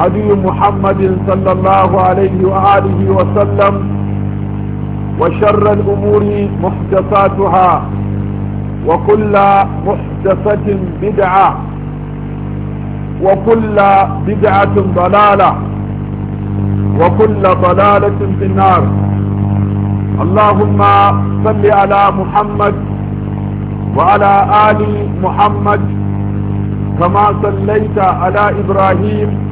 هدي محمد صلى الله عليه وآله وسلم وشر الأمور محدثاتها وكل محدثة بدعة وكل بدعة ضلالة وكل ضلالة في النار اللهم صل على محمد وعلى آل محمد كما صليت على إبراهيم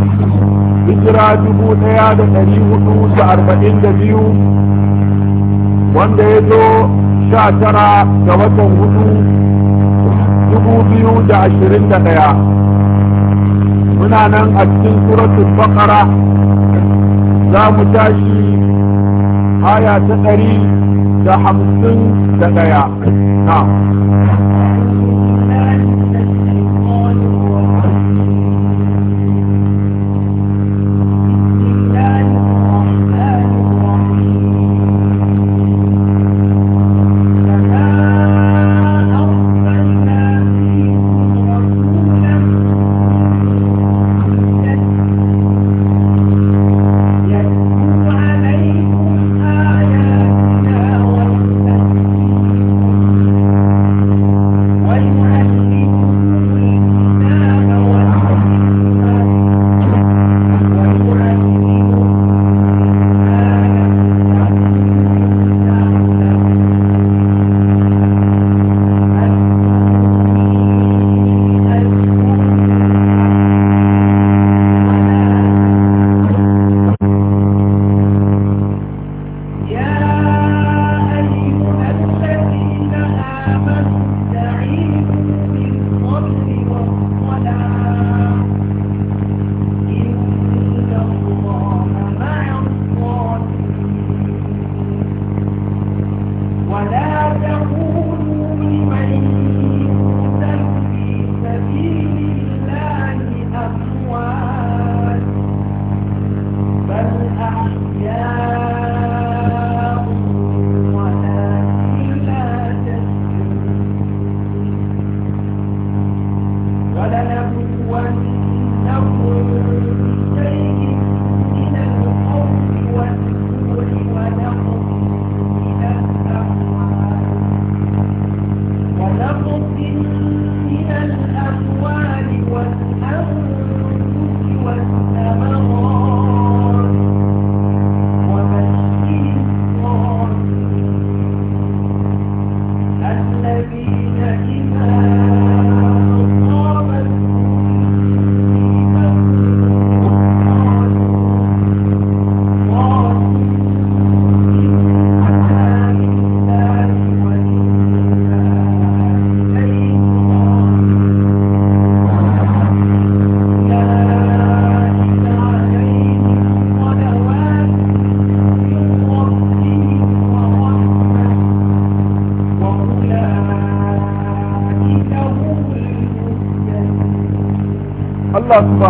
hijira dubu ɗaya da ɗari hudu da arba'in da biyu wanda ya zo sha tara ga watan hudu dubu biyu da ashirin da ɗaya muna nan a cikin suratul bakara za mu tashi haya ta ɗari da hamsin da ɗaya na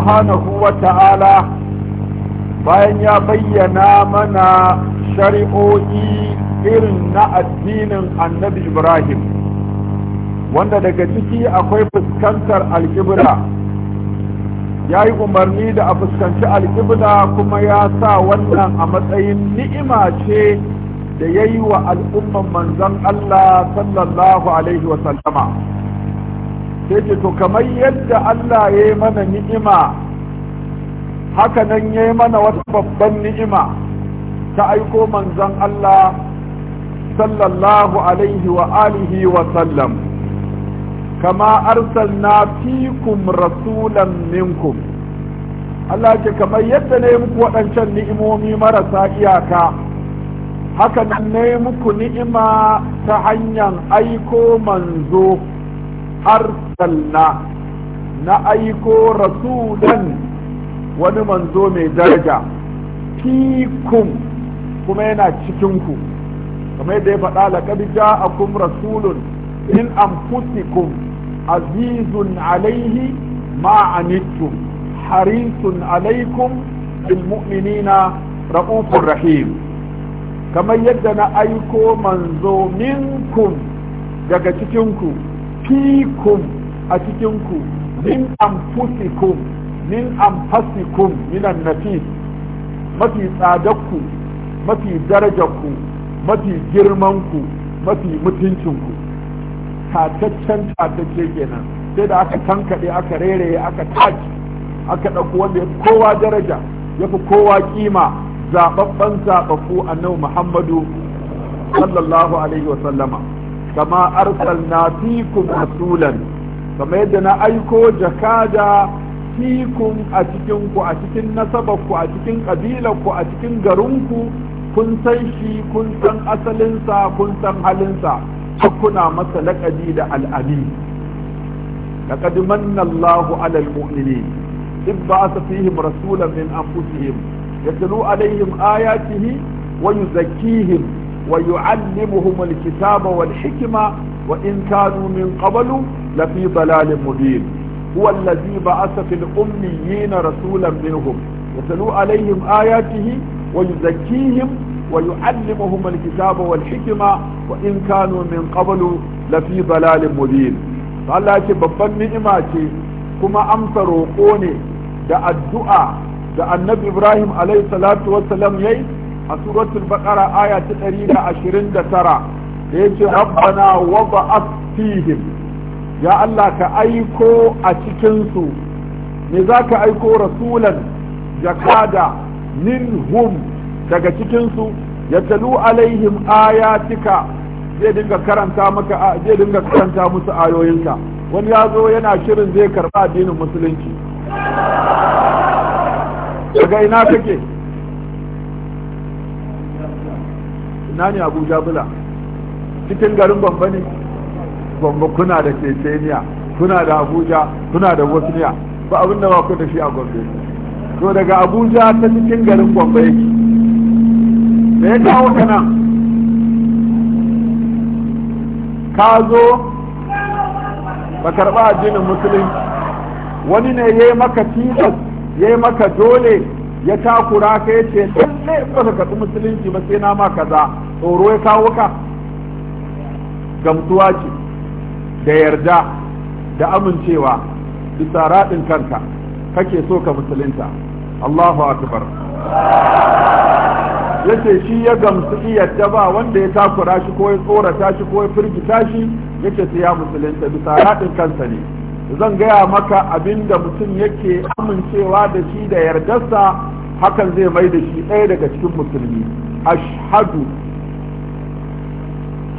subhanahu wa ta'ala bayan ya bayyana mana shari'o'i irin na addinin annabi ibrahim wanda daga ciki akwai fuskantar alkibla ya yi umarni da a fuskanci alkibla kuma ya sa wannan a matsayin ni'ima ce da ya yi wa al'umman manzan allah sallallahu alaihi wasallama sai to kamar yadda Allah ya yi mana ni'ima haka nan ya yi mana wata babban ni'ima ta aiko manzon Allah sallallahu alaihi wa alihi wa sallam kama arsalna fikum rasulan minkum Allah ce kamar yadda ne muku waɗancan ni'imomi marasa iyaka haka nan ne muku ni'ima ta hanyar aiko manzo arsalna na aiko rasulan wani manzo mai daraja fikum kuma yana cikinku kamar yadda ya faɗa laqad ja'akum rasulun min anfusikum azizun alaihi ma anittum harisun alaikum bil mu'minina ra'ufur rahim kamar yadda na aiko manzo minkum daga cikinku fikun a cikinku min anfusikum min anfasikum minan nafis mafi tsadarku mafi darajarku mafi girmanku mafi mutuncinku tataccen tatacce kenan sai da aka tankaɗe aka reraye aka taci aka ɗauko wanda ya kowa daraja ya fi kowa kima zaɓaɓɓen zaɓaɓɓu annabi muhammadu sallallahu alaihi wa sallama kama na fikum rasulan kama yadda na aiko jakada fikum a cikin ku a cikin nasabar ku a cikin kabilar ku a cikin garin ku kun san shi kun san asalinsa kun san halinsa kuna masa laƙabi da al'ami لقد من الله على المؤمنين إذ بعث فيهم رسولا من أنفسهم يتلو عليهم آياته ويزكيهم ويعلمهم الكتاب والحكمة وإن كانوا من قبل لفي ضلال مبين هو الذي بعث في الأميين رسولا منهم يتلو عليهم آياته ويزكيهم ويعلمهم الكتاب والحكمة وإن كانوا من قبل لفي ضلال مبين فالله يكي ببن نعمة كما أمسى روقوني da addu'a da annabi Ibrahim alaihi salatu wassalam yayi a suratul baqara aya ta 129 da tara da yake rabbana wada'at fihim ya Allah ka aiko a cikin su me zaka aiko rasulan jakada minhum daga cikinsu ya talu alaihim ayatika zai dinga karanta maka zai dinga karanta musu ayoyinka wani ya zo yana shirin zai karba addinin musulunci daga ina kake ina ne Abuja bula cikin garin bamba ne bamba kuna da ceceniya kuna da abuja kuna da wasniya ba abin da ba da shi a gombe to daga abuja ta cikin garin bamba yake da ya kawo ka nan ka zo ba karɓa addinin musulun wani ne ya yi maka tilas ya yi maka dole ya takura ka ya ce ne ba ka musulunci ba sai na ma kaza tsoro ya kawo ka gamsuwa ce da yarda da amincewa bisa raɗin kanka kake so ka musulunta Allahu akbar Ya ce shi ya gamsu iyadda ba wanda ya takura shi ko ya tsorata shi ko ya firgita shi yake sai ya musulunta bisa raɗin kansa ne zan gaya maka abinda mutum yake amincewa da shi da yardarsa hakan zai mai da shi ɗaya daga cikin musulmi ashhadu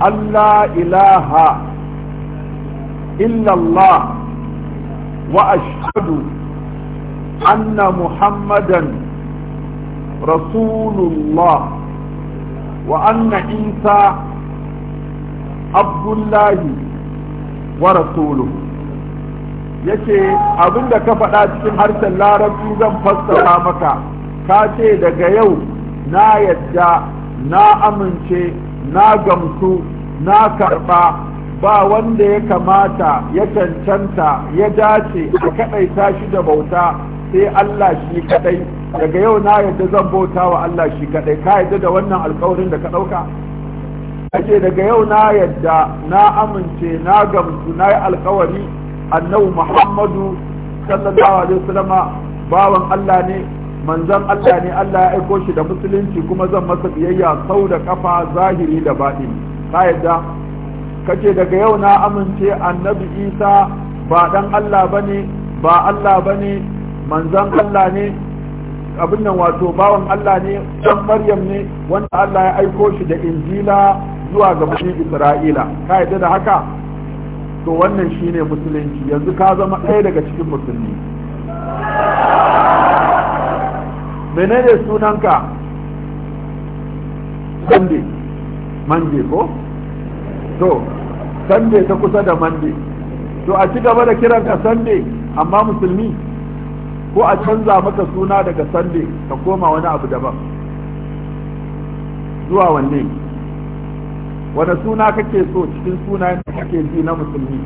Allah ilaha illallah wa ashadu anna muhammadan rasulullah wa anna isa abdullahi wa rasuluhu yace da ka faɗa cikin harshen larabci zan fassara maka ka ce daga yau na yadda na amince na gamsu na karɓa ba wanda ya kamata ya cancanta ya dace a kaɗaita shi da bauta sai Allah shi kaɗai daga yau na yadda zan bauta wa Allah shi kaɗai ka yadda da wannan alkawarin da ka ɗauka ake daga yau na yadda na amince na gamsu na yi alkawari annabi muhammadu sallallahu alaihi bawan Allah ne manzon Allah ne Allah ya aiko shi da musulunci kuma zan masa biyayya sau da kafa zahiri da baɗi ka kace daga yau na amince annabi Isa ba dan Allah bane ba Allah bane manzon Allah ne abin nan wato bawan Allah ne dan Maryam ne wanda Allah ya aiko shi da Injila zuwa ga mutum Isra'ila ka da haka to wannan shine musulunci yanzu ka zama ɗaya daga cikin musulmi menene sunanka sunday mande ko to sunday ta kusa da mande to a ci gaba da kiranka sunday amma musulmi ko a canza maka suna daga sunday ka koma wani abu daban zuwa wanne wani suna kake so cikin sunayen da kake ji na musulmi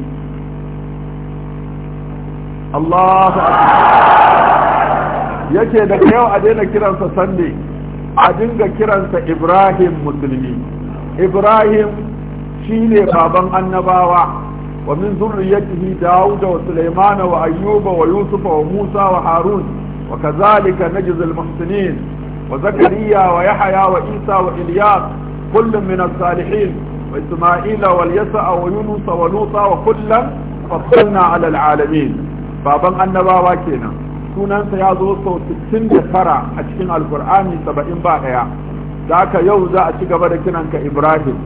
Allahu akbar yake daga yau a daina kiransa Sunday a dinga kiransa Ibrahim musulmi Ibrahim shine baban annabawa wa min zurriyyatihi Dawud wa Sulaiman wa Ayyuba wa Yusuf wa Musa wa Harun wa kadhalika najzi al-muhsinin wa Zakariya wa Yahya wa Isa wa Ilyas كل من الصالحين وإسماعيل واليسع ويونس ولوطا وكلا فضلنا على العالمين بابا النباوة كينا سنان سيازو صوت ستين دفرع أشكين القرآن سبعين باقيا ذاك يوزا أشيك بدكنا كإبراهيم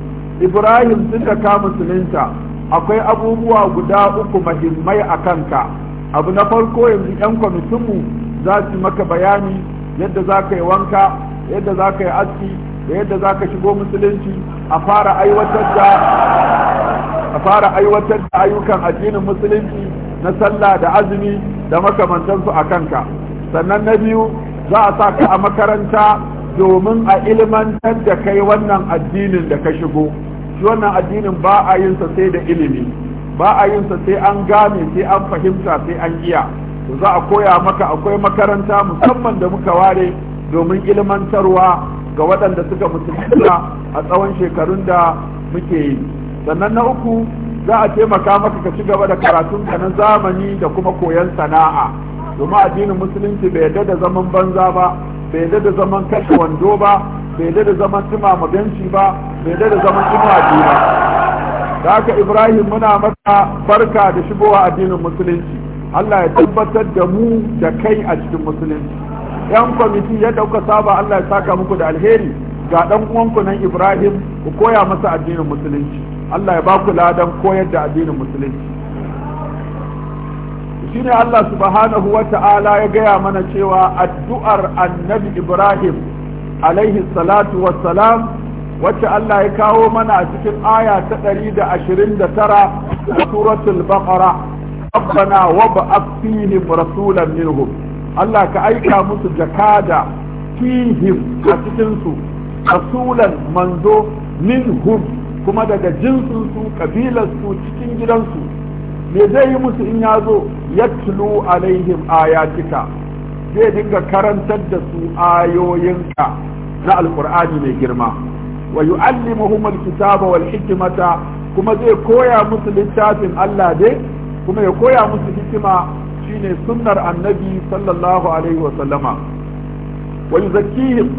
إبراهيم سنة كامل سننتا akwai abubuwa guda uku mahimmai a kanka abu na farko yanzu 'yan kwamitinmu za su maka bayani yadda za ka yi wanka yadda za ka yi aski da yadda za ka shigo musulunci a fara aiwatar da a fara aiwatar da ayyukan addinin musulunci na sallah da azumi da makamantansu a kanka sannan na biyu za a sa ka a makaranta domin a ilmantar da kai wannan addinin da ka shigo shi wannan addinin ba a yin sa sai da ilimi ba a yin sa sai an gane sai an fahimta sai an iya za a koya maka akwai makaranta musamman da muka ware domin ilmantarwa ga waɗanda suka musulunta a tsawon shekarun da muke yi sannan na uku za a taimaka maka ka ci gaba da karatun ka na zamani da kuma koyon sana'a domin addinin musulunci bai yadda da zaman banza ba bai yadda da zaman kashe wando ba bai yadda da zaman tuma maganci ba bai yadda da zaman tumaji ba da haka ibrahim muna maka barka da shigowa addinin musulunci allah ya tabbatar da mu da kai a cikin musulunci yan kwamiti yadda kuka saba Allah ya saka muku da alheri ga dan uwanku nan Ibrahim ku koya masa addinin musulunci Allah ya baku ladan koyar da addinin musulunci shine Allah subhanahu wa ta'ala ya gaya mana cewa addu'ar annabi Ibrahim alaihi salatu wacce Allah ya kawo mana a cikin aya ta 129 suratul baqara ربنا وابعث فيهم رسولا منهم Allah ka aika musu jakada fihim a cikinsu rasulan manzo minhum kuma daga jinsinsu kabilarsu cikin gidansu me zai yi musu in ya zo yatlu alaihim ayatika zai dinga karantar da su ayoyinka na alkur'ani mai girma wa yu'allimuhum alkitaba wal hikmata kuma zai koya musu littafin Allah dai kuma ya koya musu hikima shine sunnar annabi sallallahu alaihi wa sallama wa yuzakkihim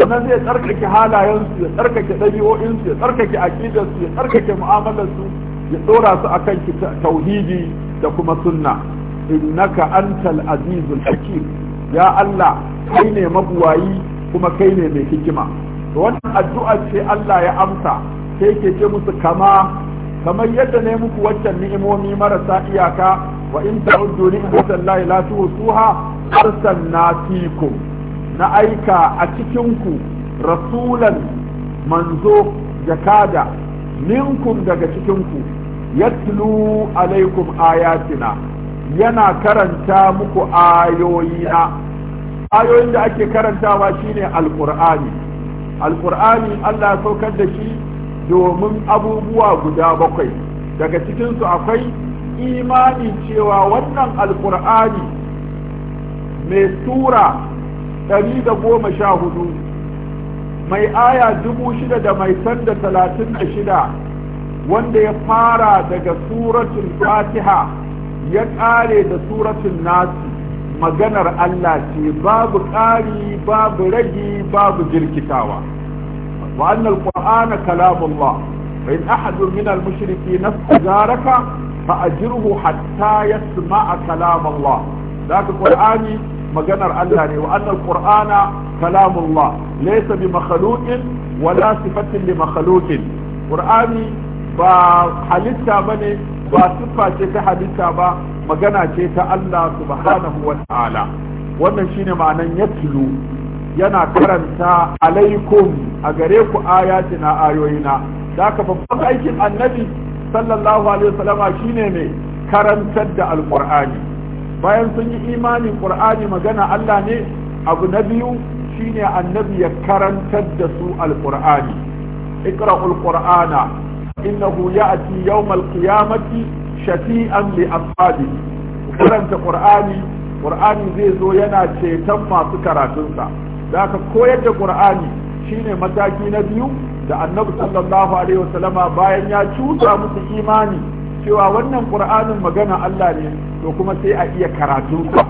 sannan zai tsarkake halayensu ya tsarkake ɗabi'o'insu ya tsarkake aƙidarsu ya tsarkake mu'amalarsu ya ɗora su akan tauhidi da kuma sunna innaka antal azizul hakim ya Allah kai ne mabuwayi kuma kai ne mai hikima wannan addu'a ce Allah ya amsa sai ke ce musu kama kamar yadda ne muku waccan ni'imomi marasa iyaka wa in ta'uddu ni'matallahi la tuhsuha arsalna fikum na aika a cikin ku rasulan manzo jakada minkum daga cikin ku yatlu alaikum ayatina yana karanta muku ayoyina ayoyin da ake karantawa shine alqur'ani alqur'ani Allah saukar da shi domin abubuwa guda bakwai daga cikinsu akwai imani cewa wannan alkur'ani mai tura ɗari da goma sha hudu mai aya dubu shida da mai sanda talatin da shida wanda ya fara daga suratun fatiha ya ƙare da suratun nasi maganar Allah ce babu ƙari babu ragi babu jirkitawa. وأن القرآن كلام الله فإن أحد من المشركين استجارك فأجره حتى يسمع كلام الله ذاك القرآن مجنر الله وأن القرآن كلام الله ليس بمخلوق ولا صفة لمخلوق القرآن حلتا بني بصفة siffa ce ta halitta ba الله سبحانه وتعالى Allah subhanahu معنى يتلو yana karanta alaikum a gare ku ayatina ayoyina da haka babban aikin annabi sallallahu alaihi wasallama shine ne karantar da alqur'ani bayan sun yi imani qur'ani magana Allah ne abu na biyu shine annabi ya karantar da su alqur'ani iqra'ul qur'ana innahu ya'ti yawmal qiyamati shafi'an li ashabihi karanta qur'ani qur'ani zai zo yana ceton masu karatunsa da aka koyar da qur'ani shine mataki na biyu da annabi sallallahu alaihi wasallama bayan ya cuta musu imani cewa wannan qur'anin magana Allah ne to kuma sai a iya karatun sa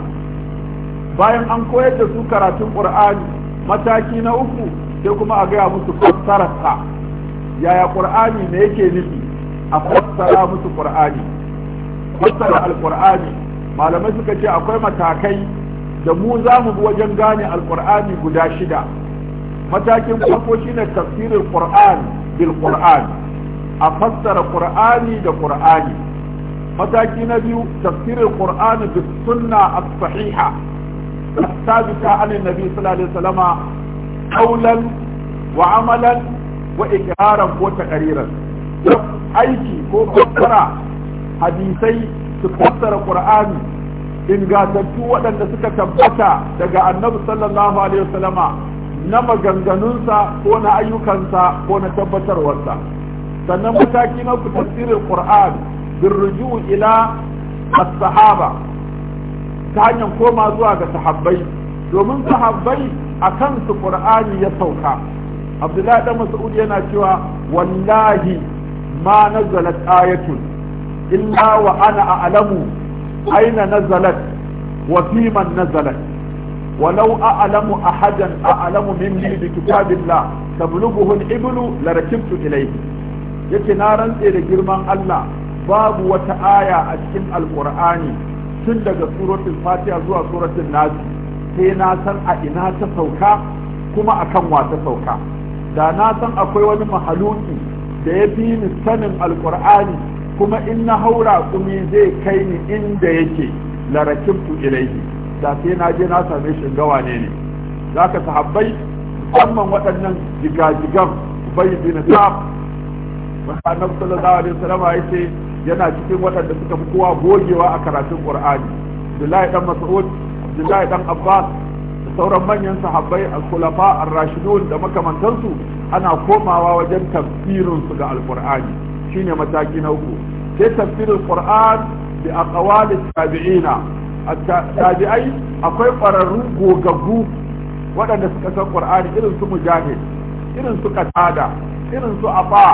bayan an koyar da su karatun qur'ani mataki na uku sai kuma a gaya musu sa yaya qur'ani ne yake nufi a fassara musu qur'ani fassara alqur'ani malamai suka ce akwai matakai da mu za mu bi wajen gane alkur'ani guda shida matakin farko shine tafsirin qur'an bil qur'an a fassara qur'ani da qur'ani mataki na biyu tafsirin qur'ani bis sunna as-sahiha الثابتة عن alaihi wa الله عليه وسلم قولا وعملا وإقرارا وتقريرا aiki ko fassara hadisai su fassara qur'ani ingatattu waɗanda suka tabbata daga annabi sallallahu alaihi wasallama na maganganunsa ko na ayyukansa ko na tabbatarwarsa sannan mataki na ku tafsirin qur'an bin ruju ila as-sahaba ta hanyar koma zuwa ga sahabbai domin sahabbai a kansu qur'ani ya sauka abdullahi dan mas'ud yana cewa wallahi ma nazalat ayatun illa wa ana a'lamu aina nazalat wa fi man nazalat ولو أعلم أحدا أعلم مني بكتاب الله تبلغه الإبل لركبت إليه yake na rantse da girman Allah babu wata aya a cikin alkur'ani tun daga suratul fatiha zuwa suratul nas sai na san a ina ta sauka kuma akan wa ta sauka da na san akwai wani mahaluki da ya fi ni sanin alkur'ani kuma in na haura kumi zai kai ni inda yake larakibtu ilaihi da sai na je na same shi gawa ne ne zaka sahabbai musamman waɗannan jigajigan bai bin sab wanda annabi sallallahu alaihi wasallam ya ce yana cikin waɗanda suka fi kowa gogewa a karatun qur'ani abdullahi dan mas'ud abdullahi dan abbas da sauran manyan sahabbai al-khulafa ar-rashidun da makamantansu ana komawa wajen tafsirin su ga al-qur'ani shine mataki na uku sai tafsirul qur'an bi aqwali tabi'ina tabi'ai akwai ƙwararru gogaggu waɗanda suka san qur'an irin su mujahid irin su qatada irin su afa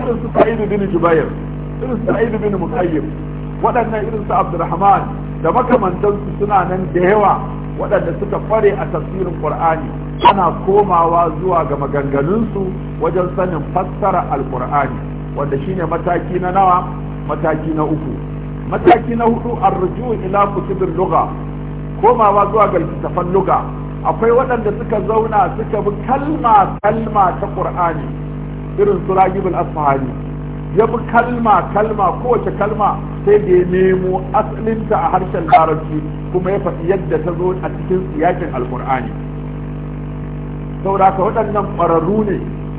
irin su sa'id bin jubair irin su sa'id bin waɗannan irin su abdurrahman da makamantansu suna nan da yawa waɗanda suka fare a tafsirin qur'ani ana komawa zuwa ga maganganunsu wajen sanin fassara alqur'ani wanda shine mataki na nawa mataki na uku mataki na hudu arju ila kutubin lugha komawa zuwa ga littattafan lugha akwai waɗanda suka zauna suka bi kalma kalma ta qur'ani irin su ragibul asfahani ya bi kalma kalma kowace kalma sai da ya nemo asalinta a harshen larabci kuma ya faɗi yadda ta zo a cikin siyakin alkur'ani saboda waɗannan ƙwararru ne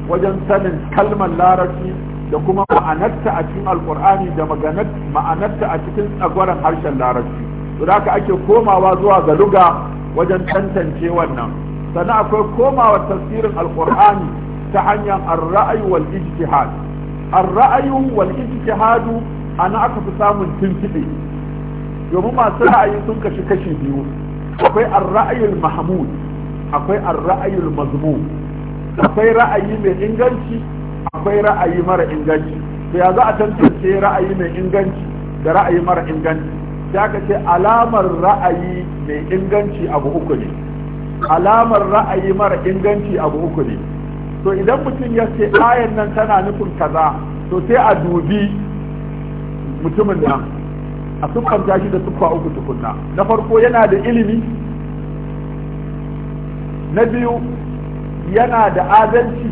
wajen sanin kalmar larabci da kuma ma'anarta a cikin alkur'ani da ma'anarta a cikin tsagwaron harshen larabci to da ake komawa zuwa ga luga wajen tantance wannan sannan akwai komawa tafsirin alkur'ani ta hanyar ar-ra'ayi wal ijtihad ar-ra'ayi wal ijtihad ana aka fi samun tintibe domin masu ra'ayi sun kashi kashi biyu akwai ar-ra'ayul mahmud akwai ar-ra'ayul mazmum akwai ra'ayi mai inganci akwai ra'ayi mara inganci to ya za a tantance ra'ayi mai inganci da ra'ayi mara inganci ya ka ce alamar ra'ayi mai inganci abu uku ne alamar ra'ayi mara inganci abu uku ne to idan mutum ya ce ayan nan tana nufin kaza to sai a dubi mutumin nan a ta shi da sukwa uku tukunna na farko yana da ilimi na biyu yana da adalci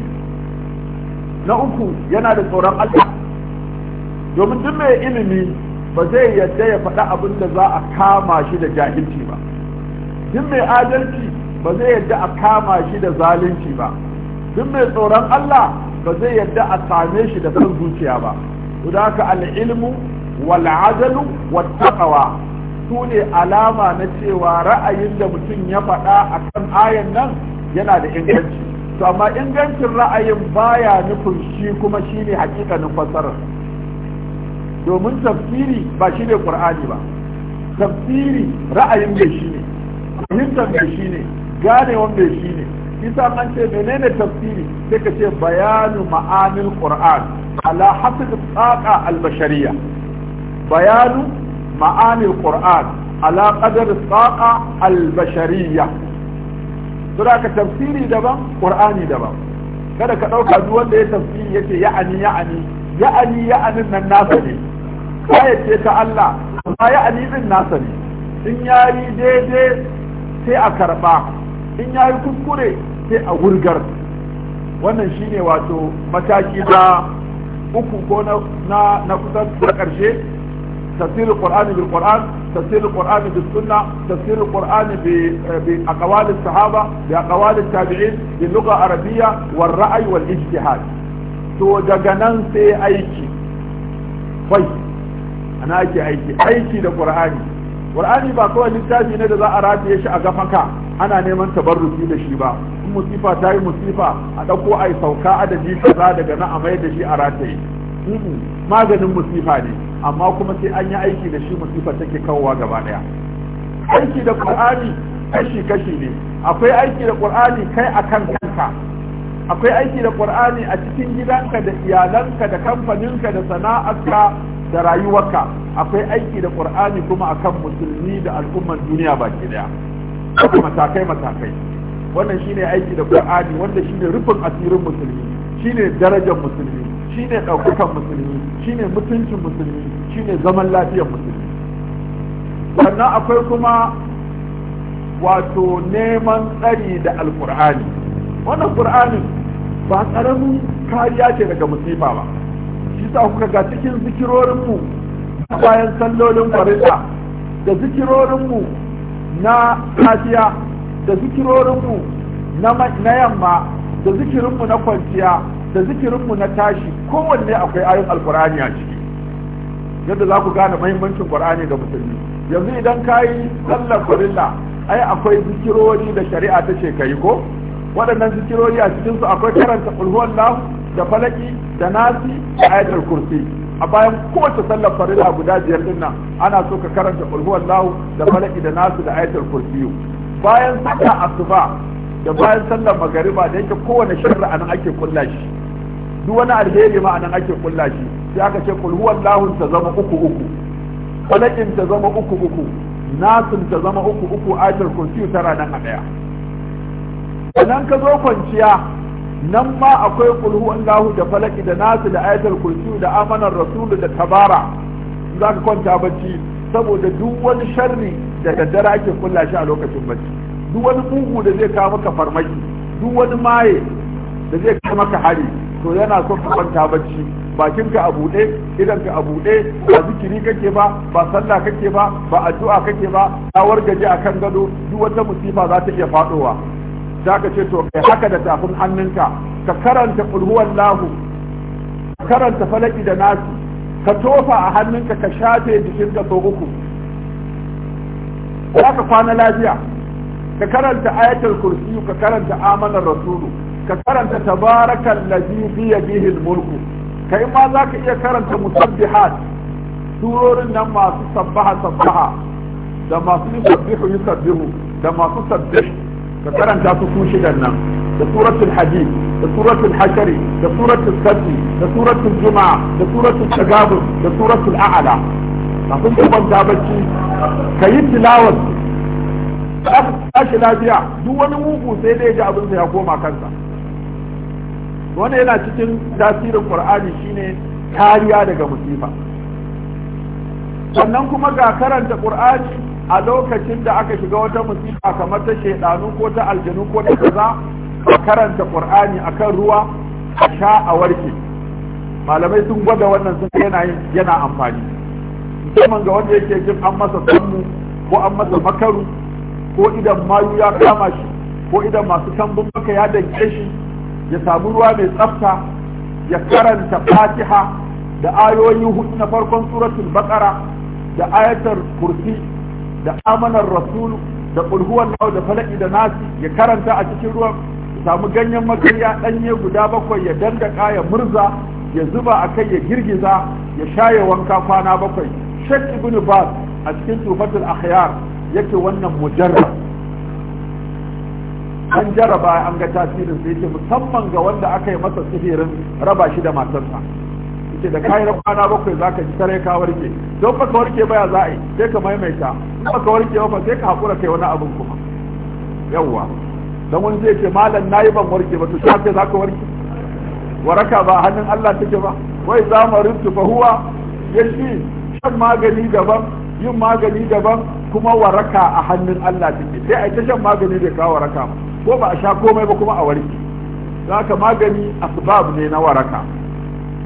na uku yana da tsoron Allah domin duk mai ilimi ba zai yadda ya faɗa abin da za a kama shi da jahilci ba duk mai adalci ba zai yadda a kama shi da zalunci ba duk mai tsoron Allah ba zai yadda a same shi da son zuciya ba da haka al'ilmu wal adalu wat taqwa su ne alama na cewa ra'ayin da mutum ya faɗa akan ayan nan yana da inganci to amma ingancin ra'ayin baya nufin shi kuma ne hakikanin fasarar domin tafsiri ba ne ƙur'ani ba tafsiri ra'ayin bai shi ne fahimtar da shi ne ganewan da shi ne isa an ce menene tafsiri sai ka ce bayanu ma'anil qur'an ala hafiz tsaqa al bayanu ma'anil qur'an ala qadar saboda ka tafsiri daban ƙur'ani daban kada ka ɗauka duk wanda ya tafsiri yake ya'ani ya'ani ya'ani ya'anin nan nasa ne Kaya ce ta Allah amma ya'ani din nasa ne in yayi daidai sai a karɓa in yi kuskure sai a wurgar wannan shine wato mataki na uku ko na na kusan da ƙarshe. تفسير القرآن بالقرآن تفسير القرآن بالسنة تفسير القرآن آه، بأقوال الصحابة بأقوال التابعين باللغة العربية والرأي والاجتهاد تو دغنان ايكي فاي طيب، انا ايكي ايكي ايكي ده قران قران با كو لتافي ne da za a rafe shi a gafan ka ana neman tabarruki da shi ba kuma musifa ta yi musifa a dauko ai sauka adadi kaza daga na amai amma kuma sai an yi aiki da shi musifa take kawowa gaba daya aiki da qur'ani kashi kashi ne akwai aiki da qur'ani kai akan kanka akwai aiki da qur'ani a cikin gidanka da iyalanka da kamfaninka da sana'arka da rayuwarka akwai aiki da qur'ani kuma akan musulmi da al'umman duniya baki daya matakai matakai wannan shine aiki da qur'ani wanda shine rufin asirin musulmi shine darajar musulmi Shi ne ɗaukakan musulmi ne mutuncin musulmi ne zaman lafiyar musulmi sannan akwai kuma wato neman tsari da alkur'ani wannan qur'anin ba ƙaramin kariya ce daga musifa ba shi sa kuka ga cikin zikirorinmu bayan sallolin farisa da zikirorinmu na safiya da zikirorinmu na yamma da zikirinmu na kwanciya da zikirinmu na tashi kowanne akwai ayin alkur'ani a ciki yadda za ku gane mahimmancin qur'ani ga musulmi yanzu idan ka yi sallar kurilla ai akwai zikirori da shari'a ta ce ka yi ko waɗannan zikirori a cikinsu akwai karanta ulhuwan lahu da falaki da nasi da ayatul kursi a bayan kowace sallar farilla guda biyar din nan ana so ka karanta ulhuwan lahu da falaki da nasi da ayatul kursi bayan sallar asuba da bayan sallar magariba da yake kowane shirra anan ake kulla shi duk wani alheri ma anan ake kulla shi sai aka ce kul allah ta zama uku uku falakin ta zama uku uku nasin ta zama uku uku ayatul kursi tara nan a daya nan ka zo kwanciya nan ma akwai kul allah da falaki da nasu da ayatul kursi da amanar rasulu da tabara za ka kwanta bacci saboda duk wani sharri da daddare ake kulla shi a lokacin bacci duk wani mugu da zai kawo maka farmaki duk wani maye da zai kawo maka hari to yana so ka kwanta bacci ka a buɗe idan ka a buɗe ba zikiri kake ba ba sallah kake ba ba addu'a kake ba ka wargaje akan gado duk wata musifa za ta iya faɗowa za ka ce to kai haka da tafin hannunka ka karanta kulhuwan lahu ka karanta falaki da nasi, ka tofa a hannunka ka shafe jikinka sau uku za ka kwana lafiya ka karanta ayatul kursiyu ka karanta amanar rasulu ka karanta tabarakan ladhi bi yadihi al-mulku kai ma za ka iya karanta musabbihat surorin nan masu sabbaha sabbaha da masu yi yusabbihu sabbihu da masu sabbih ka karanta su su shidan nan da suratul hadid da suratul hashari da suratul sabi da suratul juma'a da suratul tagabun da suratul a'la kafin ka kwanta bacci yi tilawar za ka tashi lafiya duk wani mugu sai dai ji abin da ya koma kansa wanda yana cikin tasirin qur'ani shine kariya daga musifa sannan kuma ga karanta ƙwar'ani a lokacin da aka shiga wata musifa kamar ta shaidanu ko ta aljanu ko ta kaza a karanta a kan ruwa a sha a warke malamai sun gwada wannan sun yana yana amfani musamman ga wanda yake jin an masa sammu ko an masa makaru ko idan mayu ya kama shi ko idan masu tambun maka ya danke shi ya samu ruwa mai tsafta ya karanta fatiha da ayoyi hudu na farkon suratul baqara da ayatar kursi da amanar rasul da kulhuwan nau da falaki da nasi ya karanta a cikin ruwan ya samu ganyen makarya danye guda bakwai ya dandaka ya murza ya zuba a kai ya girgiza ya shaye wanka kwana bakwai shek ibn bas a cikin tufatul akhyar yake wannan mujarrab an jaraba an ga tasirin sai yake musamman ga wanda aka yi masa sihirin raba shi da matarsa yake da kayan kwana bakwai za ka ji tare ka warke don ka warke baya za a yi sai ka maimaita in ka warke ba sai ka haƙura kai wani abin kuma yawwa don wani zai ce malam na yi ban warke ba to shafe za ka warke waraka ba a hannun Allah take ba wai za rintu fa huwa yashi shan magani daban yin magani daban kuma waraka a hannun Allah take sai a ta shan magani bai kawo waraka ba ko ba a sha komai ba kuma a warke ka magani asbab ne na waraka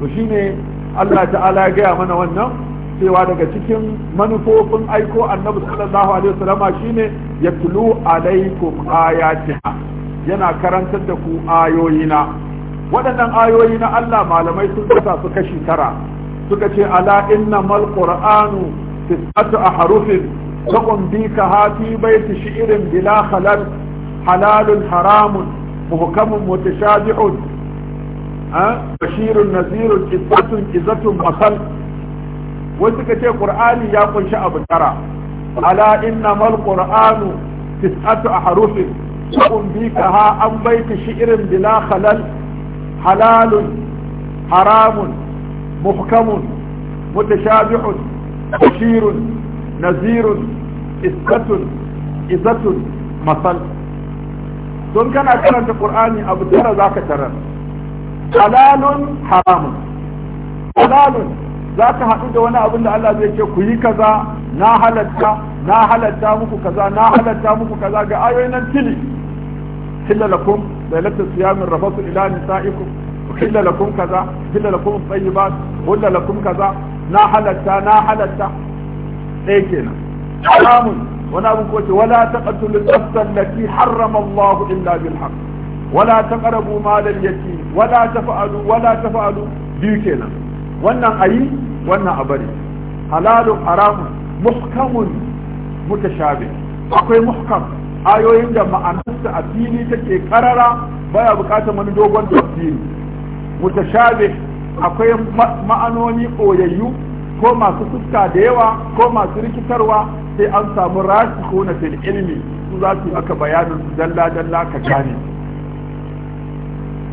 to shine Allah ta'ala ya gaya mana wannan cewa daga cikin manufofin aiko annabi sallallahu alaihi wasallam shine yatlu alaikum ayatiha yana karantar da ku ayoyina waɗannan ayoyi na Allah malamai sun kasa su kashi tara suka ce ala inna mal qur'anu tis'atu ahrufin taqum bika hati baiti shi'rin bila khalal halalun haramun muhkamun mutashabi'un bashirun nazirun qissatun izzatun masal wasu suka ce ƙur'ani ya kunshi abu tara ala innamal qur'anu tis'atu ahrufin ha an baiti shi'rin bila khalal halalun haramun muhkamun mutashabi'un bashirun nazirun iskatun izatun masal don kana karanta qur'ani abu tara zaka tarar halalun haramun halalun zaka haɗu da wani abin da Allah zai ce ku yi kaza na halatta na halatta muku kaza na halatta muku kaza ga ayoyin nan tili hilla lakum lailatul siyamin rafasu ila nisaikum hilla lakum kaza hilla lakum tayyibat hilla lakum kaza na halatta na halatta ɗaya kenan haramun wani abu ko ce wala taqtulu nafsa allati harrama Allah illa bil haqq wala ta mal wala taf'alu wala biyu kenan wannan ayi wannan abari halalun haramun muhkamun mutashabih akwai muhkam ayoyin da ma'anarsa a fili take karara baya bukatar wani dogon tafsiri mutashabih akwai ma'anoni koyayyu ko masu fuska da yawa ko masu rikitarwa sai an samu rashi na fil ilmi su za su maka bayanin su dalla dalla ka gane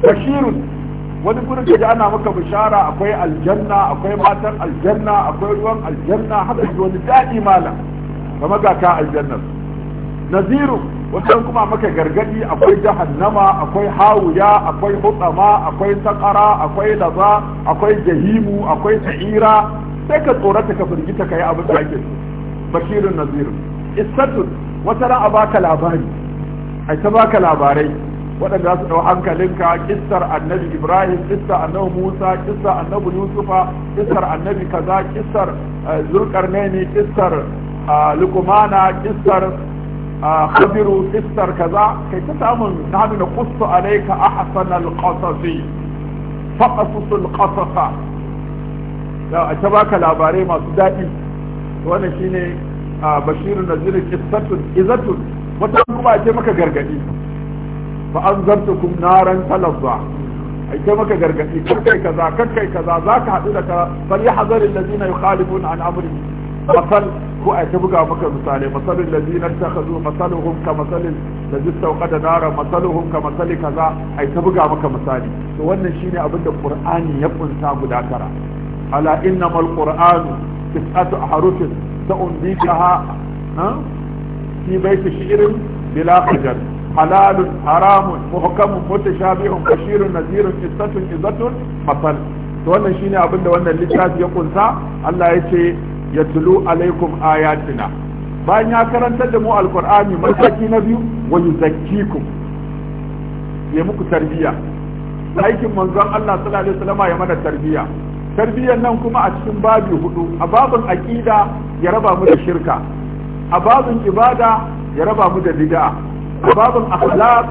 bashirun wani gurin da ana maka bishara akwai aljanna akwai matan aljanna akwai ruwan aljanna haka da wani daɗi malam ba ga ka aljannar naziru wajen kuma maka gargadi akwai jahannama akwai hawuya akwai hutsama akwai sakara akwai laza akwai jahimu akwai sa'ira sai ka tsorata ka firgita ka yi abin da ake so bashirin nazirin isatun wata ra'a baka labari ai ta baka labarai waɗanda su ɗau hankalinka kissar annabi ibrahim kissar annabi musa kissar annabi yusufa kissar annabi kaza kissar zulkarnaini kissar lukumana kissar khabiru kissar kaza kai ta samun na naqussu alayka ahsanal qasasi faqasus qasasa a ta baka labarai masu daɗi wannan ne a bashirun nazirin qissatun izatun wata kuma a ce maka gargadi fa anzartukum naran talabba. A ta maka gargadi kakkai kaza kakkai kaza Za ka haɗu da kaza fal yahzar alladhina yukhalifuna an amri masal ko ai ta buga maka misali da masalul ladina takhadhu masaluhum ka masalil ladhi da nara masaluhum ka masali kaza ai ta buga maka misali to wannan shine abin da qur'ani ya kunta guda tara ala innamal qur'anu tis'atu harufin sa'undikaha fi baiti shi'rin bila hajar حلال حرام محكم متشابه بشير نذير قصة عزة مثل to wannan shine abin da wannan littafi ya kunsa Allah ya ce ya tulu alaikum ayatina bayan ya karantar da mu alqur'ani mataki na biyu wa yuzakkikum ya muku tarbiya aikin manzon Allah ya mana tarbiya tarbiyyar nan kuma a cikin babi hudu a babin aqida ya raba mu da shirka a babin ibada ya raba mu da bid'a a babin akhlaq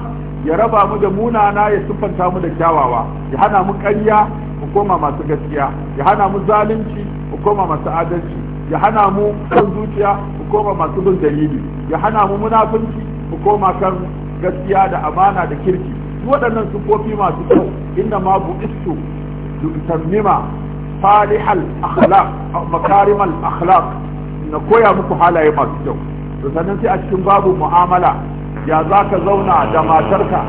ya raba mu da munana ya sifanta mu da kyawawa ya hana mu ƙarya mu koma masu gaskiya ya hana mu zalunci mu koma masu adalci ya hana mu kan zuciya mu koma masu bin dalili ya hana mu munafunci mu koma kan gaskiya da amana da kirki waɗannan sufofi masu kyau inda ma bu istu tammima salihal akhlaq makarimal akhlaq na koya muku halaye masu kyau to sannan sai a cikin babu mu'amala ya za zauna da matarka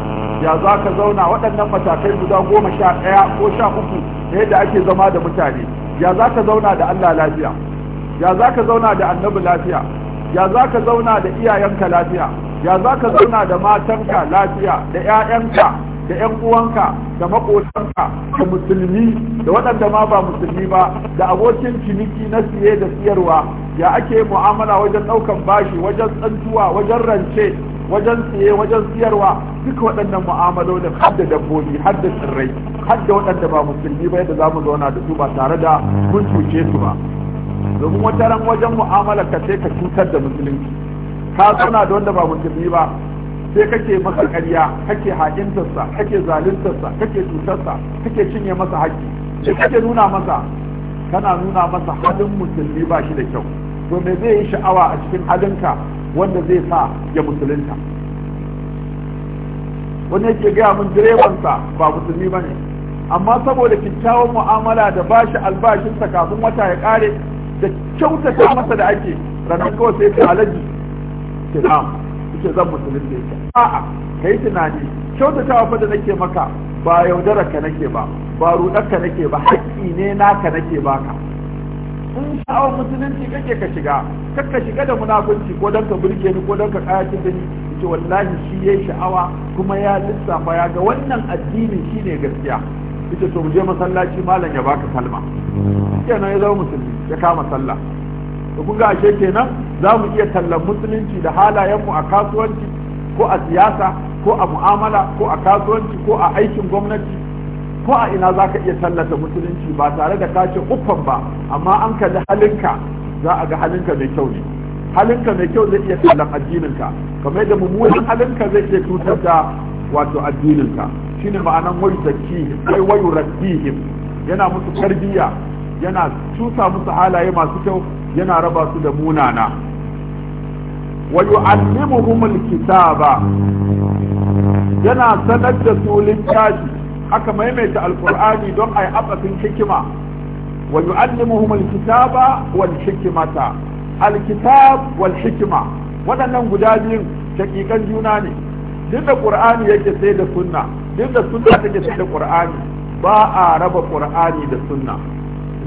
ya za zauna waɗannan matakai guda goma sha ɗaya ko sha uku na yadda ake zama da mutane ya za zauna da Allah lafiya ya za zauna da annabi lafiya ya za zauna da iyayenka lafiya ya za zauna da matarka lafiya da 'ya'yanka da yan uwanka da makotanka da musulmi da waɗanda ma ba musulmi ba da abokin ciniki na siye da siyarwa ya ake mu'amala wajen ɗaukan bashi wajen tsantuwa wajen rance wajen siye wajen siyarwa duka waɗannan da har da dabbobi har da tsirrai har da waɗanda ba musulmi ba yadda za mu zauna da su ba tare da mun cuce su ba domin wata ran wajen mu'amala ka sai ka cutar da musulunci ka zauna da wanda ba musulmi ba sai kake masa ƙarya kake haƙintarsa kake zaluntarsa kake cutarsa kake cinye masa haƙƙi sai kake nuna masa kana nuna masa halin musulmi ba shi da kyau to me zai yi sha'awa a cikin halinka wanda zai sa ya musulunta wani yake gaya min direbansa ba musulmi ba ne amma saboda kyakkyawan mu'amala da bashi albashinsa kafin wata ya ƙare da kyautata masa da ake ranar kawai sai ta alaji kiram ce zan musulun da yake a'a kai tunani kyautatawa fa da nake maka ba yaudara ka nake ba ba rudar ka nake ba haƙƙi ne naka nake baka in sha'awar musulunci kake ka shiga kar ka shiga da munafunci ko dan ka burge ni ko don ka kayatar da ni ce wallahi shi yayi sha'awa kuma ya lissafa ya ga wannan addini shine gaskiya ita to je masallaci malam ya baka kalma kenan ya zama musulmi ya kama sallah to kun ga ashe kenan za mu iya tallan musulunci da halayenmu a kasuwanci ko a siyasa ko a mu'amala ko a kasuwanci ko a aikin gwamnati ko a ina za ka iya tallata musulunci ba tare da ka ce uffan ba amma an kalli halinka za a ga halinka mai kyau ne halinka mai kyau zai iya tallan addininka kamar da mummunan halinka zai iya cutar da wato addininka shine ma'anan wayu zaki kai wayu rabbihim yana musu tarbiyya yana cusa musu halaye masu kyau yana raba su da munana wa yu'allimuhum yana sanar da su littafi aka maimaita alqur'ani don yi abafin hikima wa yu'allimuhum alkitaba wal hikmata alkitab wal hikma waɗannan guda biyun shakikan juna ne duk da qur'ani yake sai da sunna duk da sunna take sai da qur'ani ba a raba qur'ani da sunna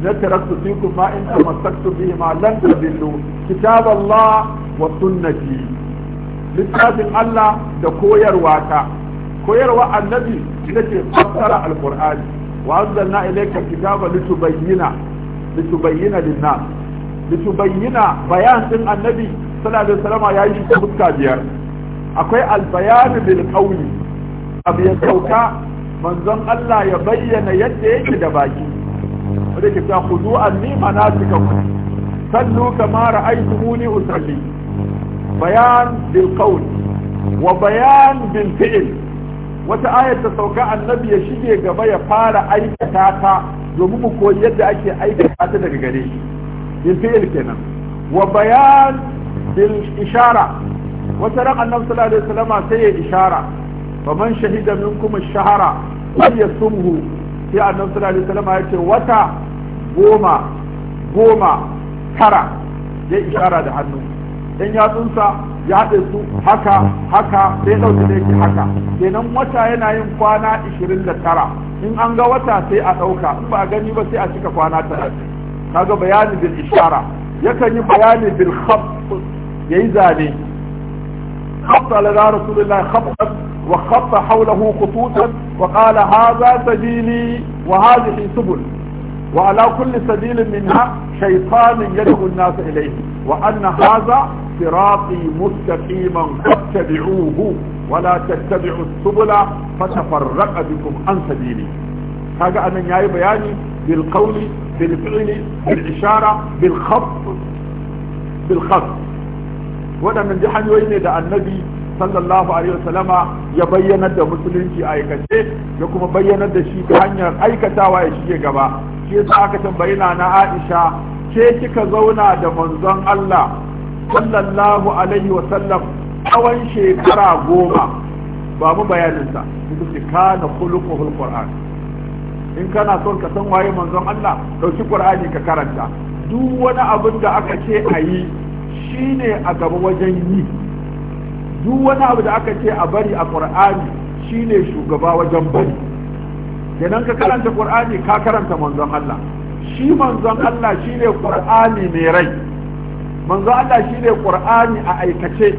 na taraktu fikum ma in tamassaktu bihi ma lan tadillu kitab wa sunnati littafin Allah da koyarwa ta koyarwa annabi ita ce fassara alqur'ani wa anzalna ilayka kitaba litubayyana litubayyana linnas litubayyana bayan din annabi sallallahu alaihi wasallam yayi shi fuska biyar akwai albayanu bil qawli abu sauka manzon Allah ya bayyana yadda yake da baki wanda ke ta khudu anni manasikakum sallu kama ra'aytumuni usalli bayan bil qawl wa bayan bil fi'l wata ayar ta sauka annabi ya shige gaba ya fara aikata ta domin mu koyi yadda ake aikata ta daga gare shi bil fi'l kenan wa bayan bil ishara wata ran annabi sallallahu alaihi wasallam sai ya ishara faman shahida minkum ash-shahara falyasumhu sai annabi sallallahu alaihi wasallam ya ce wata goma goma tara ya ishara da hannu Ɗan yatsunsa ya haɗe su haka haka sai ɗauki da yake haka kenan wata yana yin kwana tara. in an ga wata sai a ɗauka in ba a gani ba sai a cika kwana tara kaga bayani bil ishara yakan yi bayani bil ya yi zane خط لدى رسول الله خطا وخط حوله خطوطا وقال هذا سبيلي وهذه سبل وعلى كل سبيل منها شيطان يدعو الناس إليه وأن هذا صراطي مستقيما فاتبعوه ولا تتبعوا السبل فتفرق بكم عن سبيلي هذا أنا نهاية بياني بالقول بالفعل بالإشارة بالخط بالخط وده من دي حنوين النبي صلى الله عليه وسلم يبين da في aikace ya kuma bayyanar da shi ta hanyar shi yasa aka tambayi na na Aisha ke kika zauna da manzon Allah sallallahu alaihi wa sallam tsawon shekara goma ba mu bayanin sa duk ce kana khuluquhul qur'an in kana son ka san waye manzon Allah dauki qur'ani ka karanta duk wani abin da aka ce a yi shine a gaba wajen yi duk wani abu da aka ce a bari a qur'ani shine shugaba wajen bari kenan ka karanta qur'ani ka karanta manzon Allah shi manzon Allah shine qur'ani mai rai manzon Allah shine qur'ani a aikace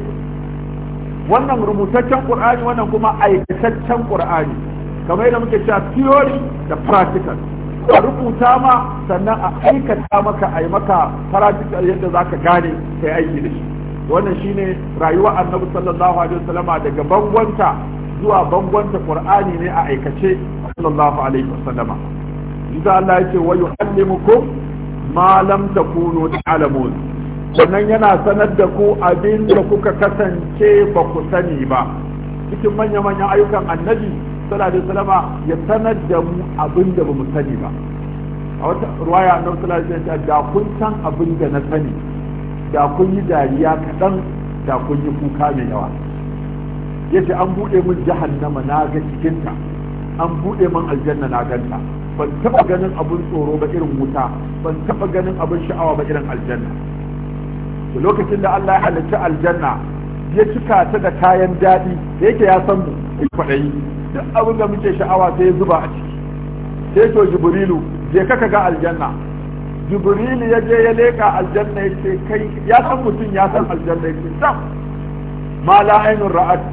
wannan rubutaccen qur'ani wannan kuma aikataccen qur'ani kamar yadda muke cewa theory da practical a rubuta ma sannan a aikata maka a yi maka practical yadda zaka gane kai aiki da shi wannan shine rayuwar annabi sallallahu alaihi wasallama daga bangonta zuwa bangonta qur'ani ne a aikace sallallahu alaihi wasallama yuda Allah yake wa yuallimukum ma lam takunu ta'lamun sannan yana sanar da ku abin da kuka kasance ba ku sani ba cikin manya manyan ayyukan annabi sallallahu alaihi wasallama ya sanar da mu abin da ba mu sani ba a wata ruwaya annabi sallallahu alaihi wasallam da kun san abin da na sani da kun yi dariya kaɗan da kun yi kuka mai yawa yace an buɗe min jahannama na ga cikinta an buɗe man aljanna na ganta ban taɓa ganin abin tsoro ba irin wuta ban taɓa ganin abin sha'awa ba irin aljanna da lokacin da Allah ya halarci aljanna ya cika ta da kayan daɗi da yake ya san mu kwaɗayi duk abin da muke sha'awa sai ya zuba a ciki sai to jibrilu je ka ga aljanna jibrilu ya je ya leƙa aljanna ya ce kai ya san mutum ya san aljanna ya ce sam ma la Ra'ad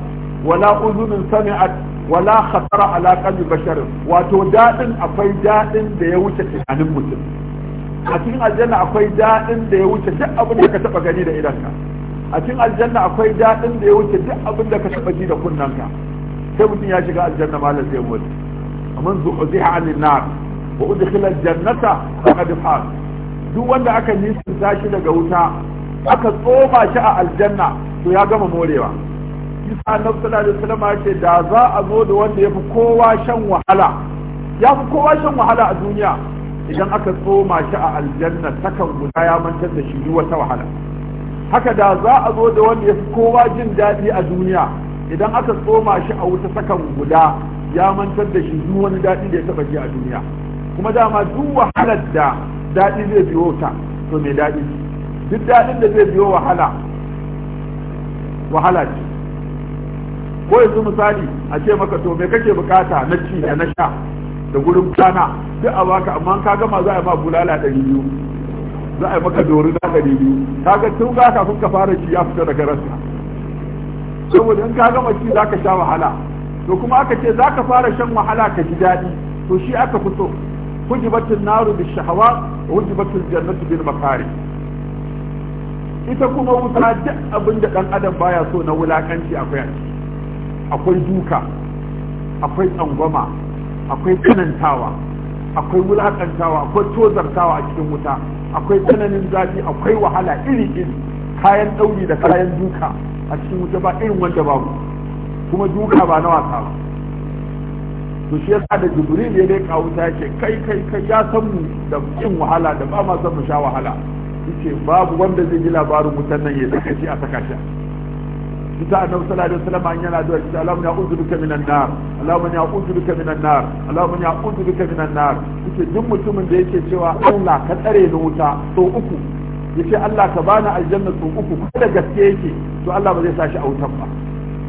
wa wala uzunin sami'at wala khatara ala qalbi bashar wato dadin akwai dadin da ya wuce tunanin mutum a cikin aljanna akwai dadin da ya wuce duk abin da ka taba gani da idanka a cikin aljanna akwai dadin da ya wuce duk abin da ka taba ji da kunnanka sai mutum ya shiga aljanna malam sai mutu amma zuhziha anin nar wa udkhila aljannata faqad faz duk wanda aka nisanta shi daga wuta aka tsoma shi a aljanna to ya gama morewa isa annabi sallallahu alaihi wasallam ce da za a zo da wanda fi kowa shan wahala fi kowa shan wahala a duniya idan aka tsoma shi a aljanna takan guda ya mantar da shi duk wata wahala haka da za a zo da wanda ya fi kowa jin daɗi a duniya idan aka tsoma shi a wuta sakan guda ya mantar da shi duk wani daɗi da ya taɓa ji a duniya kuma dama duk wahalar da daɗi zai biyo ta to mai daɗi duk daɗin da zai biyo wahala wahala ce ko yanzu misali a ce maka to me kake bukata na ci da na sha da gurin kana duk a baka amma ka gama za a yi ma bulala ɗari biyu za a yi maka dori na ɗari biyu Ka ga tun ga kafin ka fara ci ya fita daga rasa saboda in ka gama ci za ka sha wahala to kuma aka ce za ka fara shan wahala ka ji daɗi to shi aka fito so hujibatin naru bi shahawa hujibatin jannatu bil makari ita kuma wuta duk abin da ɗan adam baya so na wulakanci akwai a ciki akwai duka akwai tsangwama akwai tsanantawa akwai wulakantawa akwai tozartawa a cikin wuta akwai tsananin zafi akwai wahala iri iri kayan dauri da kayan duka a cikin wuta ba irin wanda babu kuma duka ba na wasa ba to shi yasa da jibril ya leka wuta yake kai kai kai ya san mu da kin wahala da ba ma san mu sha wahala yace babu wanda zai ji labarin wutan nan ya saka shi a saka shi kita annabi sallallahu alaihi wasallam an yana addu'a kita Allahumma ya'udhu bika minan nar Allahumma ya'udhu bika minan nar Allahumma ya'udhu bika minan nar yace duk mutumin da yake cewa Allah ka tsare ni wuta to uku yace Allah ka bani aljanna to uku kada gaske yake to Allah ba zai sa shi a wutan ba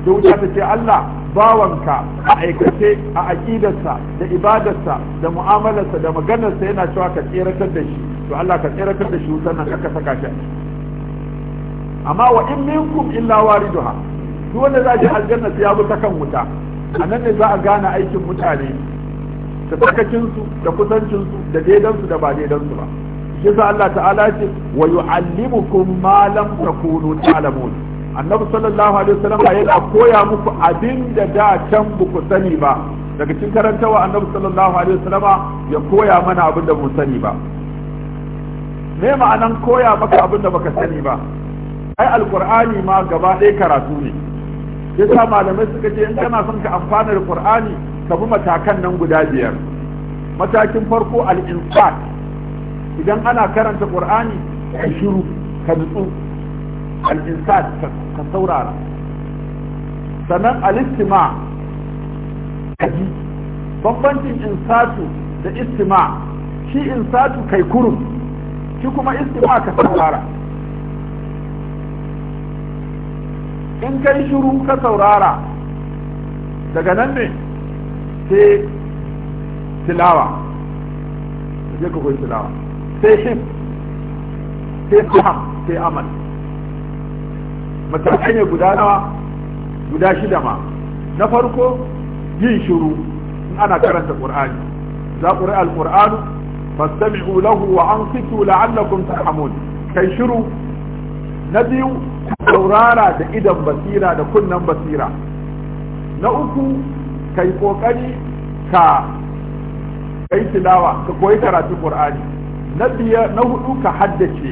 da wuta ta ce Allah bawanka a aikace a aqidarsa da ibadarsa da mu'amalarsa da maganarsa yana cewa ka tseratar da shi to Allah ka tseratar da shi wutan nan ka saka shi amma wa in minkum illa wariduha duk wanda za ji aljanna sai ya bi ta kan wuta a nan ne za a gane aikin mutane da tsakacinsu da kusancinsu da daidansu da ba daidansu ba shi sa Allah ta'ala ce wa yu'allimukum ma lam takunu ta'lamun annabi sallallahu alaihi wasallam yana koya muku abin da da can ba ku sani ba daga cikin karantawa annabi sallallahu alaihi wasallama ya koya mana abin da mu sani ba me ma'anan koya maka abin da baka sani ba ai alqur'ani ma gaba ɗaya karatu ne yasa malamai suka ce in kana son ka amfana da qur'ani ka bi matakan nan guda biyar matakin farko al insaq idan ana karanta qur'ani ka shiru ka nutsu al ka saurara sannan al-istima ka ji bambancin insatu da istima shi insatu kai kurum shi kuma istima ka saurara in kai shiru ka saurara daga nan ne sai tilawa je ka koyi tilawa sai him sai faham sai amal matakai ne guda nawa guda shida ma na farko yin shiru in ana karanta ƙur'ani za qur'a al-qur'anu fastami'u lahu wa an ansitu la'allakum tarhamun kai shiru na biyu ku saurara da idan basira da kunnen basira na uku kai kokari ka kai tilawa ka koyi karatu qur'ani na biya na hudu ka haddace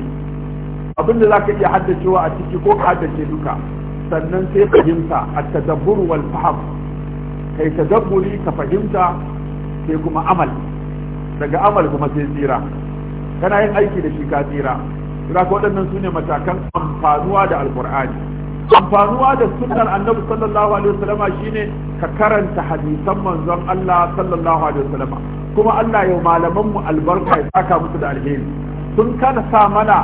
abin da zaka iya haddacewa a ciki ko ka haddace duka sannan sai fahimta at-tadabbur wal fahm kai tadabburi ka fahimta sai kuma amal daga amal kuma sai tsira kana yin aiki da shi ka tsira da ka waɗannan su ne matakan amfanuwa da alkur'ani amfanuwa da sunnar annabi sallallahu alaihi wasallama shine ka karanta hadisan manzon Allah sallallahu alaihi wasallama kuma Allah ya malaman mu albarka ya saka musu da alheri sun kana sa mana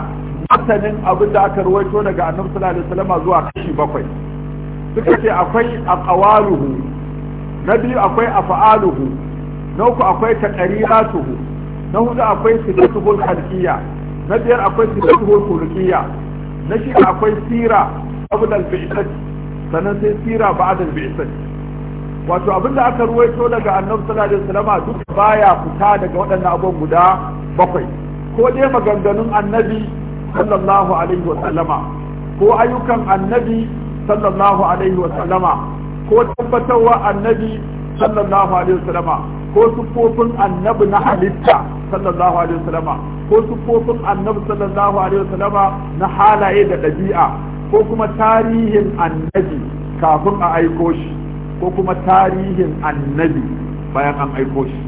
matanin abin da aka ruwaito daga annabi sallallahu alaihi wasallama zuwa kashi bakwai suka ce akwai aqwaluhu na biyu akwai afa'aluhu na uku akwai taqriratuhu na hudu akwai sifatuhul khalqiyya na biyar akwai siratuhu khuluqiyya na shida akwai sira qabla al-bi'sati sannan sai sira ba'da al-bi'sati wato abinda aka ruwaito daga annabi sallallahu alaihi wasallam duk baya fita daga waɗannan abubuwan guda bakwai ko dai maganganun annabi sallallahu alaihi wasallama ko ayyukan annabi sallallahu alaihi wasallama ko tabbatarwa annabi sallallahu alaihi wasallama ko sufofin annabi na halitta sallallahu alaihi wasallama ko sufofin annabi sallallahu alaihi wasallama na halaye da ɗabi'a ko kuma tarihin annabi kafin a aiko shi ko kuma tarihin annabi bayan an aiko shi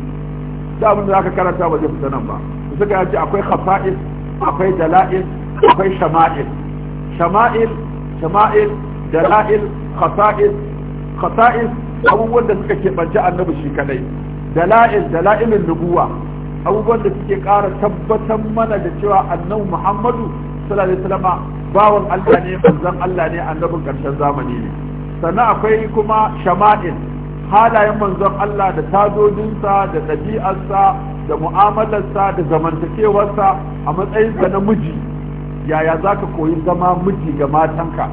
da abin da zaka karanta ba zai fita nan ba su suka yace akwai khasa'is akwai dala'il akwai shama'il shama'il shama'il dala'il khasa'is khasa'is abubuwan da suka keɓance annabi shi kadai dala'il dala'ilin nubuwa abubuwan da suke ƙara tabbatar mana da cewa annabi muhammadu sallallahu alaihi wasallam bawan Allah ne manzon Allah ne annabin ƙarshen zamani ne sannan akwai kuma shama'il halayen manzon Allah da tadodinsa da ɗabi'arsa da mu'amalarsa da zamantakewarsa a matsayinsa na miji yaya za ka koyi zama miji ga matanka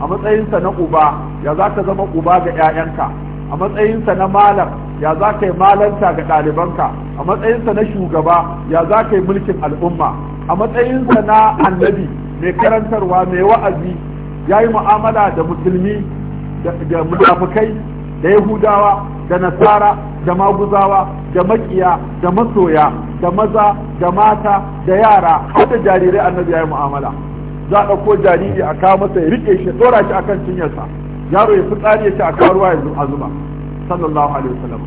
a matsayinsa na uba ya za ka zama uba ga 'ya'yanka a matsayinsa na malam ya za ka yi malanta ga ɗalibanka a matsayinsa na shugaba ya za ka yi mulkin al'umma a matsayinsa na annabi mai karantarwa mai wa'azi ya yi mu'amala da musulmi da munafukai da yahudawa da nasara da maguzawa da makiya da masoya da maza da mata da yara har da jarirai annabi ya yi mu'amala za a ɗauko jariri a kawo masa ya riƙe shi ya ɗora shi akan cinyarsa yaro ya fi tsari ya ce a kawo ruwa ya zuba sallallahu alaihi wasallam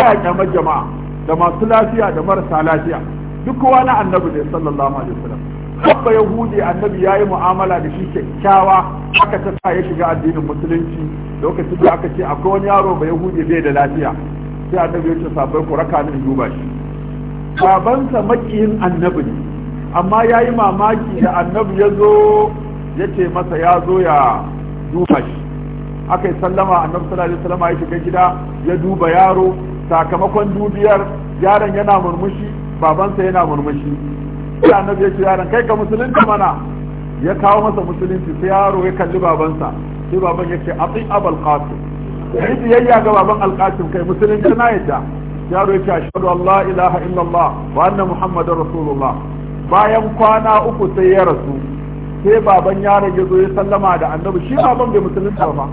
ya kyamar jama'a da masu lafiya da marasa lafiya duk wani annabi ne sallallahu alaihi wasallam babba yahudi annabi yayi mu'amala da shi kyakkyawa aka ta sa ya shiga addinin musulunci lokacin da aka ce akwai wani yaro ba yahudi bai da lafiya sai annabi ya ce sabai ku raka min duba shi babansa makiyin annabi ne amma yayi mamaki da annabi ya zo ya ce masa ya zo ya duba shi aka yi sallama annabi sallallahu alaihi wasallam ya shiga gida ya duba yaro sakamakon dubiyar yaron yana murmushi babansa yana murmushi sai annabi ya ce yaron kai ka musulunci mana ya kawo masa musulunci sai yaro ya kalli babansa sai baban ya ce ati abal qasim yi biyayya ga baban alqasim kai musulunci na yadda yaro ya ce ashhadu an la ilaha illallah wa anna muhammadar rasulullah bayan kwana uku sai ya rasu sai baban yaron ya zo ya sallama da annabi shi baban bai musulunta ba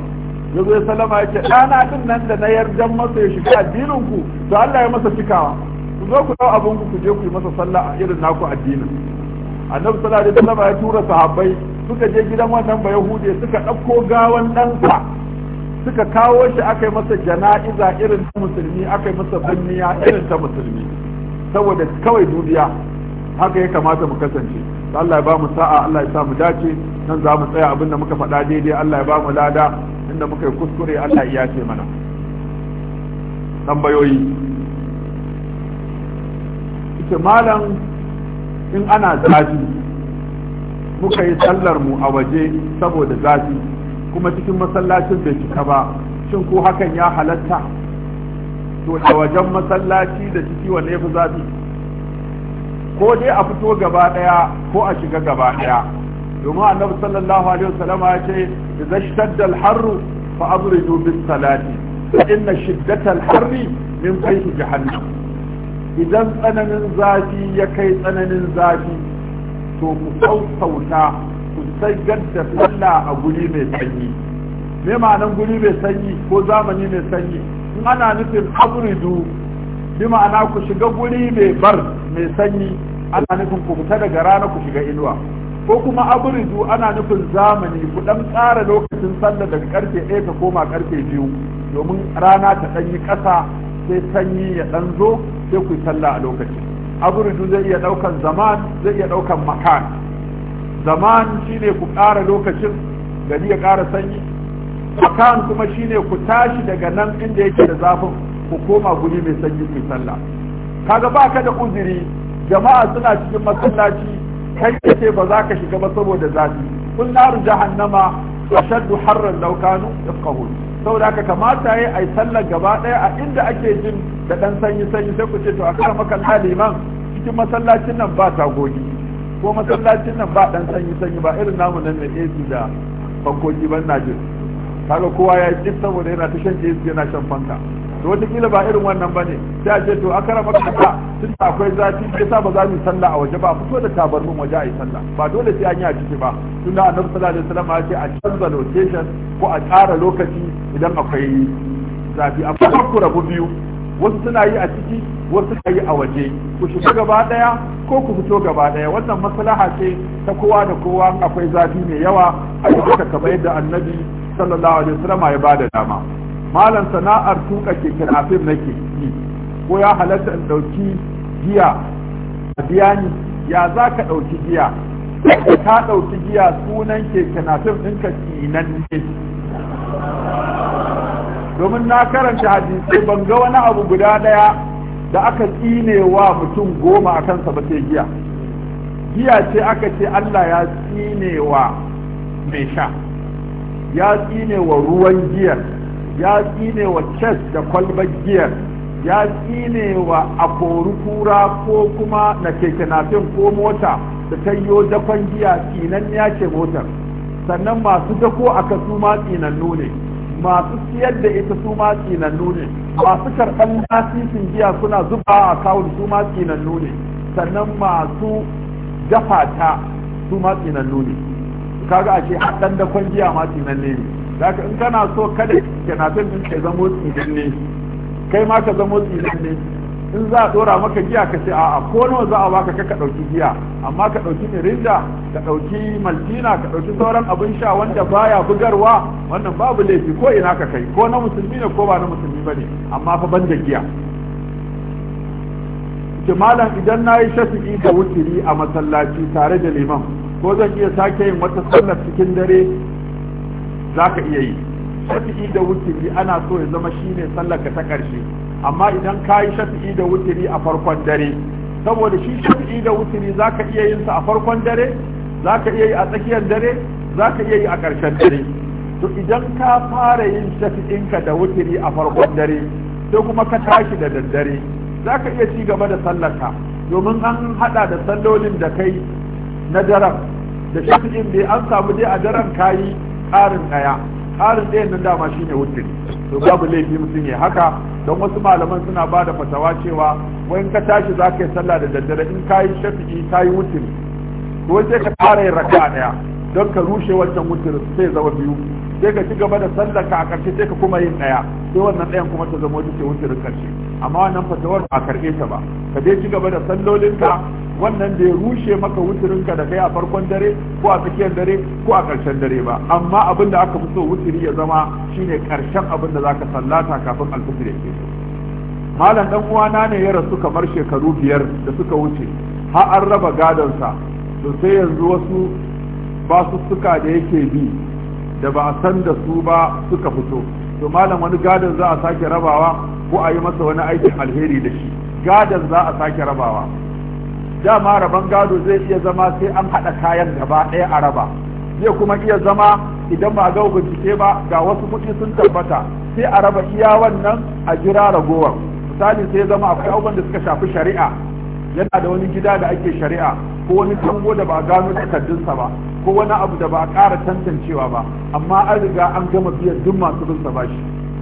ya zo salama ya ce ɗana ɗin nan da na yardan masa ya shiga addinin ku to Allah ya masa cikawa ku zo ku dau abin ku ku je ku yi masa sallah a irin naku addinin annabi sallallahu alaihi wasallam ya tura sahabbai suka je gidan wannan ba yahude suka ɗauko gawan ɗansa suka kawo shi aka yi masa jana'iza irin ta musulmi aka yi masa birniya irin ta musulmi saboda kawai dubiya haka ya kamata mu kasance Allah ya ba mu sa'a Allah ya sa mu dace nan za mu tsaya abinda muka faɗa daidai Allah ya ba mu lada inda muka yi kuskure Allah ya ce mana tambayoyi ita malam in ana zafi muka yi sallar mu a waje saboda zafi kuma cikin masallacin bai cika ba shin ko hakan ya halatta to a wajen masallaci da ciki wanne ya fi zafi ko dai a fito gaba daya ko a shiga gaba daya domin annabi sallallahu alaihi wasallam ya ce idza shadda al-harru fa abridu bis salati inna shiddata al-harri min qayhi jahannam idan tsananin zafi ya kai tsananin zafi to ku sautauta ku sagar da sallah a guri mai sanyi me ma'anan guri mai sanyi ko zamani mai sanyi in ana nufin abridu bi ma'ana ku shiga guri mai bar mai sanyi ana nufin ku fita daga rana ku shiga inuwa ko kuma aburizu ana nufin zamani ku dan tsara lokacin sallah daga karfe ɗaya ta koma karfe biyu domin rana ta dan yi kasa sai sanyi ya dan zo sai ku sallah a lokacin aburizu zai iya daukan zaman zai iya daukan makan zaman shine ku ƙara lokacin gari ya ƙara sanyi makan kuma shine ku tashi daga nan inda yake da zafin ku koma guri mai sanyi ku sallah kaga ka da uzuri jama'a suna cikin masallaci kai kace ba za ka shiga ba saboda zafi kun naru jahannama ashaddu harran law kanu yafqahun saboda haka kamata yayi ai sallar gaba daya a inda ake jin da dan sanyi sanyi sai ku ce to aka maka liman cikin masallacin nan ba tagogi ko masallacin nan ba dan sanyi sanyi ba irin namu nan ne AC da kogi ban najin kaga kowa ya ji saboda yana ta shan AC yana shan fanka to wataƙila ba irin wannan ba ne sai a ce to a kara makasa tun da akwai zafi ya sa ba za mu sallah a waje ba fito da tabarmin waje a yi sallah ba dole sai an yi a ciki ba tun da annabi sallallahu alaihi wasallam ya ce a canza location ko a ƙara lokaci idan akwai zafi amma ku rabu biyu wasu suna yi a ciki wasu suna yi a waje ku shiga gaba ɗaya ko ku fito gaba daya wannan maslaha ce ta kowa da kowa akwai zafi mai yawa a yi haka kamar yadda annabi sallallahu alaihi wasallam ya bada dama malam sana'ar tuka keke nafin nake yi ko ya halatta in ɗauki giya a biya ni ya za ka ɗauki giya ka ɗauki giya sunan in ka ɗinka kinan ne domin na karanta hadisai ban ga wani abu guda ɗaya da aka tsinewa mutum goma a kansa ba sai giya giya ce aka ce Allah ya tsine wa mai sha ya tsinewa ruwan giyar ya tsine wa chess da kwalbar giyar ya tsine wa kura ko kuma na keke nafin ko mota da ta yiwo dakon giya tsinan ya ce motar sannan masu dako a ka suma tsinannu ne masu siyar da ita suma tsinannu ne masu karɓar lasisin giya suna zuba a kawun suma tsinannu ne sannan masu dafa ta su tsinannu ne kaga a ce haɗan dakon giya ma tsinanne ne haka in kana so kada son din ka zamo ne kai ma ka zamo ne in za a dora maka giya ka ce a'a ko nawa za a baka ka ka dauki giya amma ka dauki mirinda ka dauki maltina ka dauki sauran abin sha wanda baya bugarwa wannan babu laifi ko ina ka kai ko na musulmi ne ko ba na musulmi bane amma fa ban da giya ce malam idan na yi shafi'i da wutiri a masallaci tare da liman ko zan iya sake yin wata sallar cikin dare za ka iya yi shafi'i da wutiri ana so ya zama shine sallaka ta ƙarshe amma idan ka yi shafi'i da wutiri a farkon dare saboda shi shafi'i da wutiri za ka iya yinsa a farkon dare za ka iya yi a tsakiyar dare za ka iya yi a ƙarshen dare to idan ka fara yin shafi'inka da wutiri a farkon dare sai kuma ka tashi da daddare za ka iya ci gaba da sallarka domin an haɗa da sallolin da kai na daren da shafi'in bai an samu dai a daren kayi ƙarin ɗaya ƙarin ɗayan nan dama shine wutiri to babu laifi mutum ya haka don wasu malaman suna ba da fatawa cewa wani ka tashi za ka yi sallah da daddare in ka yi shafi'i ka yi wuturi to sai ka ƙara yin raka ɗaya don ka rushe wancan wutiri sai zama biyu sai ka ci gaba da sallar ka a ƙarshe sai ka kuma yin ɗaya sai wannan ɗayan kuma ta zama wata ce ƙarshe amma wannan fatawar ba a karɓe ta ba ka dai ci gaba da sallolinka wannan da ya rushe maka wuturinka da kai a farkon dare ko a tsakiyar dare ko a ƙarshen dare ba amma abin da aka fi so wuturi ya zama shine ƙarshen abin da za ka sallata kafin alfajir ya so. malam dan uwana ne ya rasu kamar shekaru biyar da suka wuce har an raba gadonsa to sai yanzu wasu ba su suka da yake bi da ba a san da su ba suka fito to malam wani gadon za a sake rabawa ko a yi masa wani aikin alheri da shi gadon za a sake rabawa dama rabon gado zai iya zama sai an haɗa kayan gaba ɗaya a raba zai kuma iya zama idan ba ga bincike ba ga wasu kuɗi sun tabbata sai a raba iya wannan a jira ragowar misali sai zama akwai abubuwan da suka shafi shari'a yana da wani gida da ake shari'a ko wani tango da ba gano takardunsa ba ko wani abu da ba a ƙara tantancewa ba amma an riga an gama biyan duk masu bin sa bashi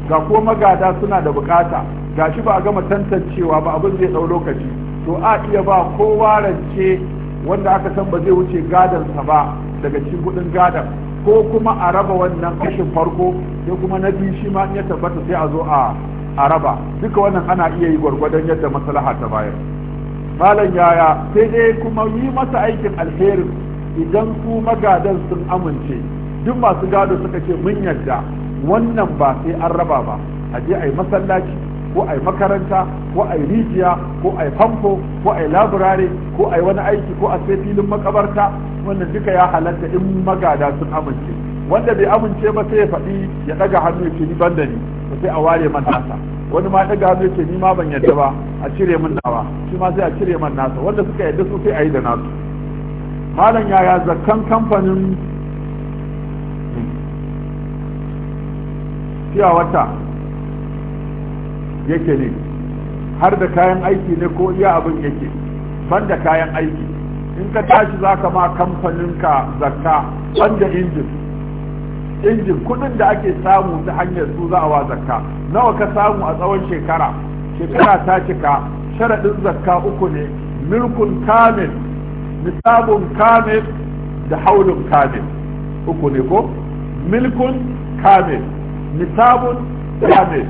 ga ko magada suna da bukata shi ba a gama tantancewa ba abin zai ɗau lokaci to a iya ba kowa rance wanda aka san ba zai wuce gadansa ba daga cikin kudin gadan ko kuma a raba wannan kashin farko sai kuma na biyu shi ma ya tabbata sai a zo a a raba duka wannan ana iya yi gwargwadon yadda maslaha ta bayar malam yaya sai dai kuma yi masa aikin alherin idan su magadan sun amince duk masu gado suka ce mun yarda wannan ba sai an raba ba a je a yi masallaci ko a makaranta ko a rijiya ko a famfo ko a yi laburare ko a wani aiki ko a sai filin makabarta wannan duka ya halatta in magada sun amince wanda bai amince ba sai ya faɗi ya ɗaga hannu ya ce ni ban da ni sai a ware man nasa wani ma ɗaga hannu ya ce ni ma ban yadda ba a cire min nawa shi ma sai a cire man nasa wanda suka yadda su sai a yi da nasu malam yaya zakkan kamfanin fiya wata yake ne har da kayan aiki ne ko iya abin yake banda kayan aiki in ka tashi za ka ma kamfaninka zakka banda injin injin kudin da ake samu ta hanyar su za a wa zakka nawa ka samu a tsawon shekara shekara ta cika sharaɗin zakka uku ne milkun kamil nisabun kamil da haulun kamil uku ne ko milkun kamil nisabun kamil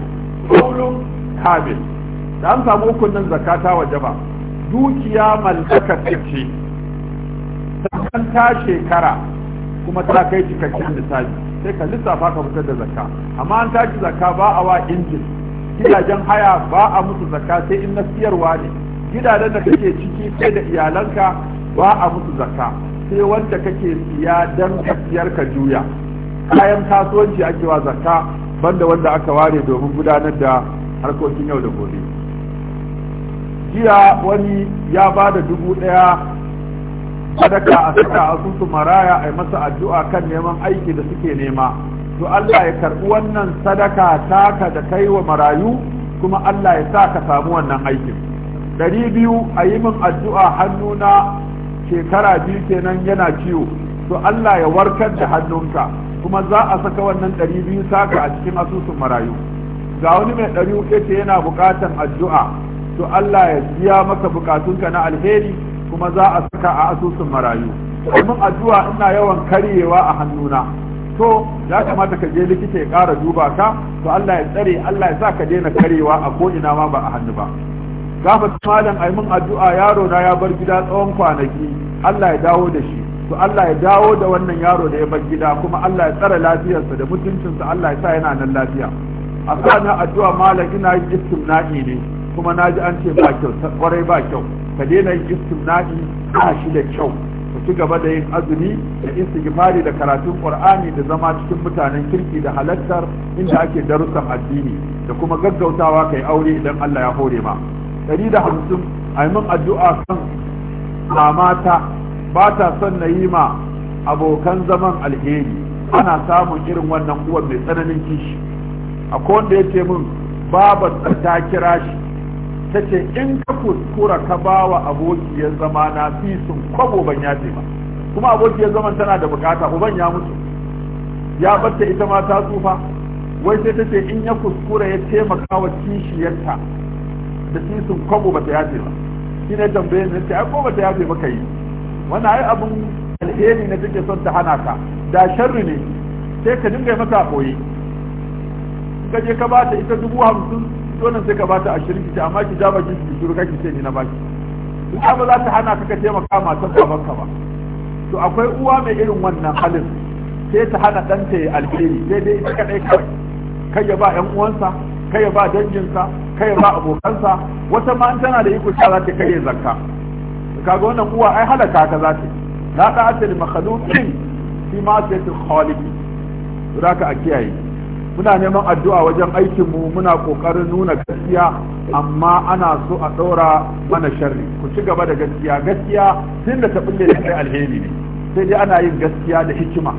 haulun kamil da an samu hukunin zakata waje ba dukiya mallaka ce sannan ta shekara kuma ta kai cikakken misali sai ka lissafa ka fitar da zakka amma an tashi zakka ba a wa injin gidajen haya ba a musu zakka sai in na siyarwa ne gidajen da kake ciki sai da iyalanka ba a musu zakka sai wanda kake siya don ka siyar ka juya kayan kasuwanci ake wa zakka banda wanda aka ware domin gudanar da harkokin yau da gobe jiya wani ya ba da dubu ɗaya sadaka a saka asusun maraya a yi masa addu'a kan neman aiki da suke nema to Allah ya karɓi wannan sadaka taka da kai wa marayu kuma Allah ya sa ka samu wannan aikin ɗari biyu a yi min addu'a hannuna shekara biyu kenan yana ciwo to Allah ya warkar da hannunka kuma za a saka wannan ɗari biyu saka a cikin asusun marayu ga wani mai ɗari uku ce yana buƙatan addu'a to Allah ya biya maka buƙatunka na alheri kuma za a saka a asusun marayu domin addu'a ina yawan karyewa a hannuna to ya kamata ka je likita ya ƙara duba ka to Allah ya tsare Allah ya sa ka daina karyewa a ko ina ma ba a hannu ba gafa malam ai mun addu'a yaro na ya bar gida tsawon kwanaki Allah ya dawo da shi to Allah ya dawo da wannan yaro da ya bar gida kuma Allah ya tsare lafiyarsa da mutuncinsa Allah ya sa yana nan lafiya a sa addu'a malam ina yin istimna'i ne kuma na ji an ce ba kyau kwarai ba kyau ka daina yin istimna'i ba shi da kyau ka ci gaba da yin azumi da istighfari da karatun qur'ani da zama cikin mutanen kirki da halattar inda ake darussan addini da kuma gaggautawa kai aure idan Allah ya hore ma 150 a yi min addu'a kan mamata ba ta son na yi ma abokan zaman alheri ana samun irin wannan uwan mai tsananin kishi akwai wanda ya ce min baba ta kira shi ta ce in ka kuskura ka ba wa abokiyar zama na sun kwabo ban ya ce ba kuma abokiyar zaman tana da bukata uban ya mutu ya batta ita ma ta tsufa wai sai ta ce in ya kuskura ya taimaka wa kishiyarta da sun kwabo ba ta ba shi ne tambaye ne ce ai ko ba ta ba kai wani ai abun alheri ne take son ta hana ka da sharri ne sai ka dinga mata koyi ka je ka bata ita dubu hamsin wannan sai ka bata ashirin ki amma ki ja bakin ki shiru kake sai ni na baki ita ba za ta hana ka ka taimaka matan ka ba to akwai uwa mai irin wannan halin sai ta hana ɗanta ya alheri sai dai ita kaɗai kawai kai ya ba 'yan uwansa kai ya ba danginsa kai ya ba abokansa wata ma tana da iko ta za ta kai zakka kaga wannan uwa ai halaka ka za ta na ta asali makhluqin fi ma sayyidul khaliq zaka a kiyaye muna neman addu'a wajen aikinmu muna ƙoƙarin nuna gaskiya amma ana so a ɗora mana sharri ku ci gaba da gaskiya gaskiya tun da ta da kai alheri ne sai dai ana yin gaskiya da hikima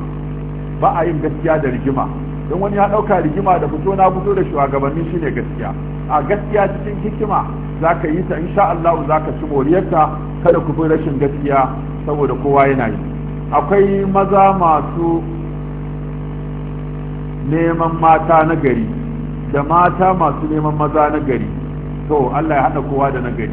ba a yin gaskiya da rigima don wani ya ɗauka rigima da fito na fito da shugabanni shine gaskiya a gaskiya cikin hikima za ka yi ta insha Allah za ka ci moriyarta kada ku bi rashin gaskiya saboda kowa yana yi akwai maza masu neman mata na gari da mata masu neman maza na gari to Allah ya haɗa kowa da na gari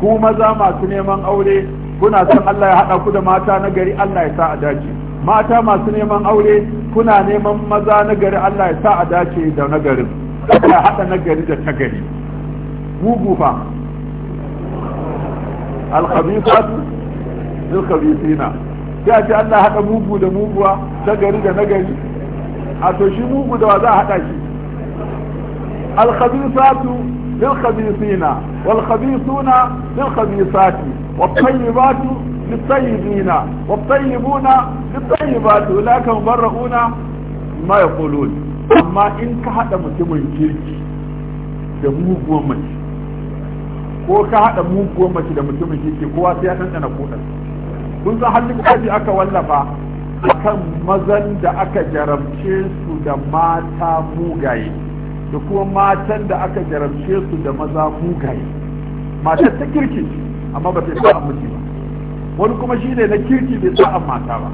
ku maza masu neman aure kuna son Allah ya haɗa ku da mata na gari Allah ya sa a dace mata masu neman aure kuna neman maza na gari Allah ya sa a dace da na garin Allah ya haɗa na gari da ta gari mugu fa alkhabisatu lilkhabisina sai a ce Allah ya haɗa mugu da muguwa ta gari da na gari a to shi mugu da wa za a haɗa shi alkhabisatu lil khabisina wal khabisuna lil khabisati wat tayyibatu lil tayyibina wat tayyibuna lil tayyibati ulaika mubarrauna ma yaqulun amma in ka haɗa mutumin kirki da muguwan mace ko ka haɗa muguwan mace da mutumin kirki kowa sai ya ɗanɗana kuɗin kun san hannun kaji aka wallafa kan mazan da aka jaramce su da mata mugaye da kuma matan da aka jaramce su da maza mugaye matar ta kirki amma ba ta sa'an miji ba wani kuma shi ne na kirki bai sa'an mata ba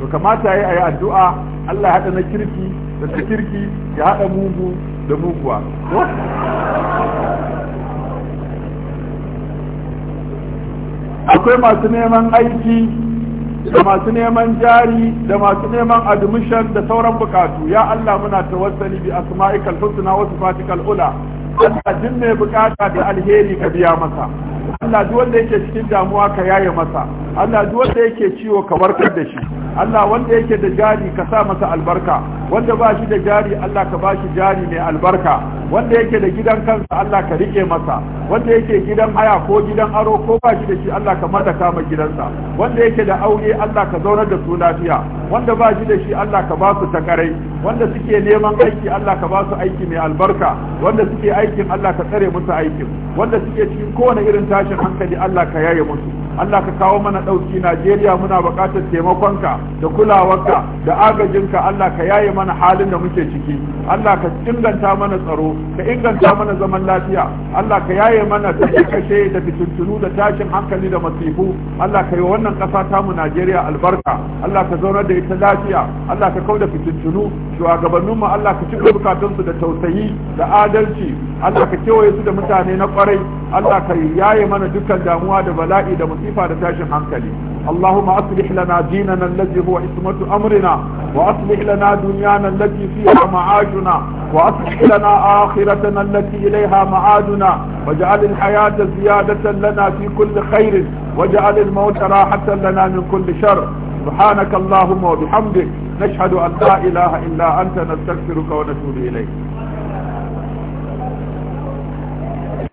to kamata ya yi addu'a Allah haɗa na kirki da ta kirki ya haɗa mugu da muguwa akwai masu neman aiki da masu neman jari da masu neman admission da sauran bukatu ya Allah muna tawassali bi asma'ikal husna wa sifatikal ula Allah din mai bukata da alheri ka biya masa Allah duk wanda yake cikin damuwa ka yaye masa Allah duk wanda yake ciwo ka warkar da shi Allah wanda yake da jari ka sa masa albarka wanda ba shi da jari Allah ka ba shi jari mai albarka wanda yake da gidan kansa Allah ka rike masa wanda yake gidan haya ko gidan aro ko ba shi da shi Allah ka mata kama gidansa wanda yake da aure Allah ka zaunar da su lafiya wanda ba shi da shi Allah ka ba su takarai wanda suke neman aiki Allah ka ba su aiki mai albarka wanda suke aikin Allah ka tsare musu aikin wanda suke cikin kowane irin tashin hankali Allah ka yaye musu Allah ka kawo mana ɗauki Najeriya muna buƙatar taimakonka da kulawarka da agajinka Allah ka yaye mana halin da muke ciki Allah ka inganta mana tsaro ka inganta mana zaman lafiya Allah ka yaye mana kashe da fitintunu da tashin hankali da masifu Allah ka yi wannan ƙasa tamu Najeriya albarka Allah ka zaunar da ita lafiya Allah ka kauda fitintunu shugabanninmu Allah ka cika bukatunsu da tausayi da adalci Allah ka kewaye su da mutane na kwarai Allah ka yaye mana dukkan damuwa da bala'i da musibi masifa da tashin اللهم أصلح لنا ديننا الذي هو عصمة أمرنا وأصلح لنا دنيانا التي فيها معاشنا وأصلح لنا آخرتنا التي إليها معادنا واجعل الحياة زيادة لنا في كل خير واجعل الموت راحة لنا من كل شر سبحانك اللهم وبحمدك نشهد أن لا إله إلا أنت نستغفرك ونتوب إليك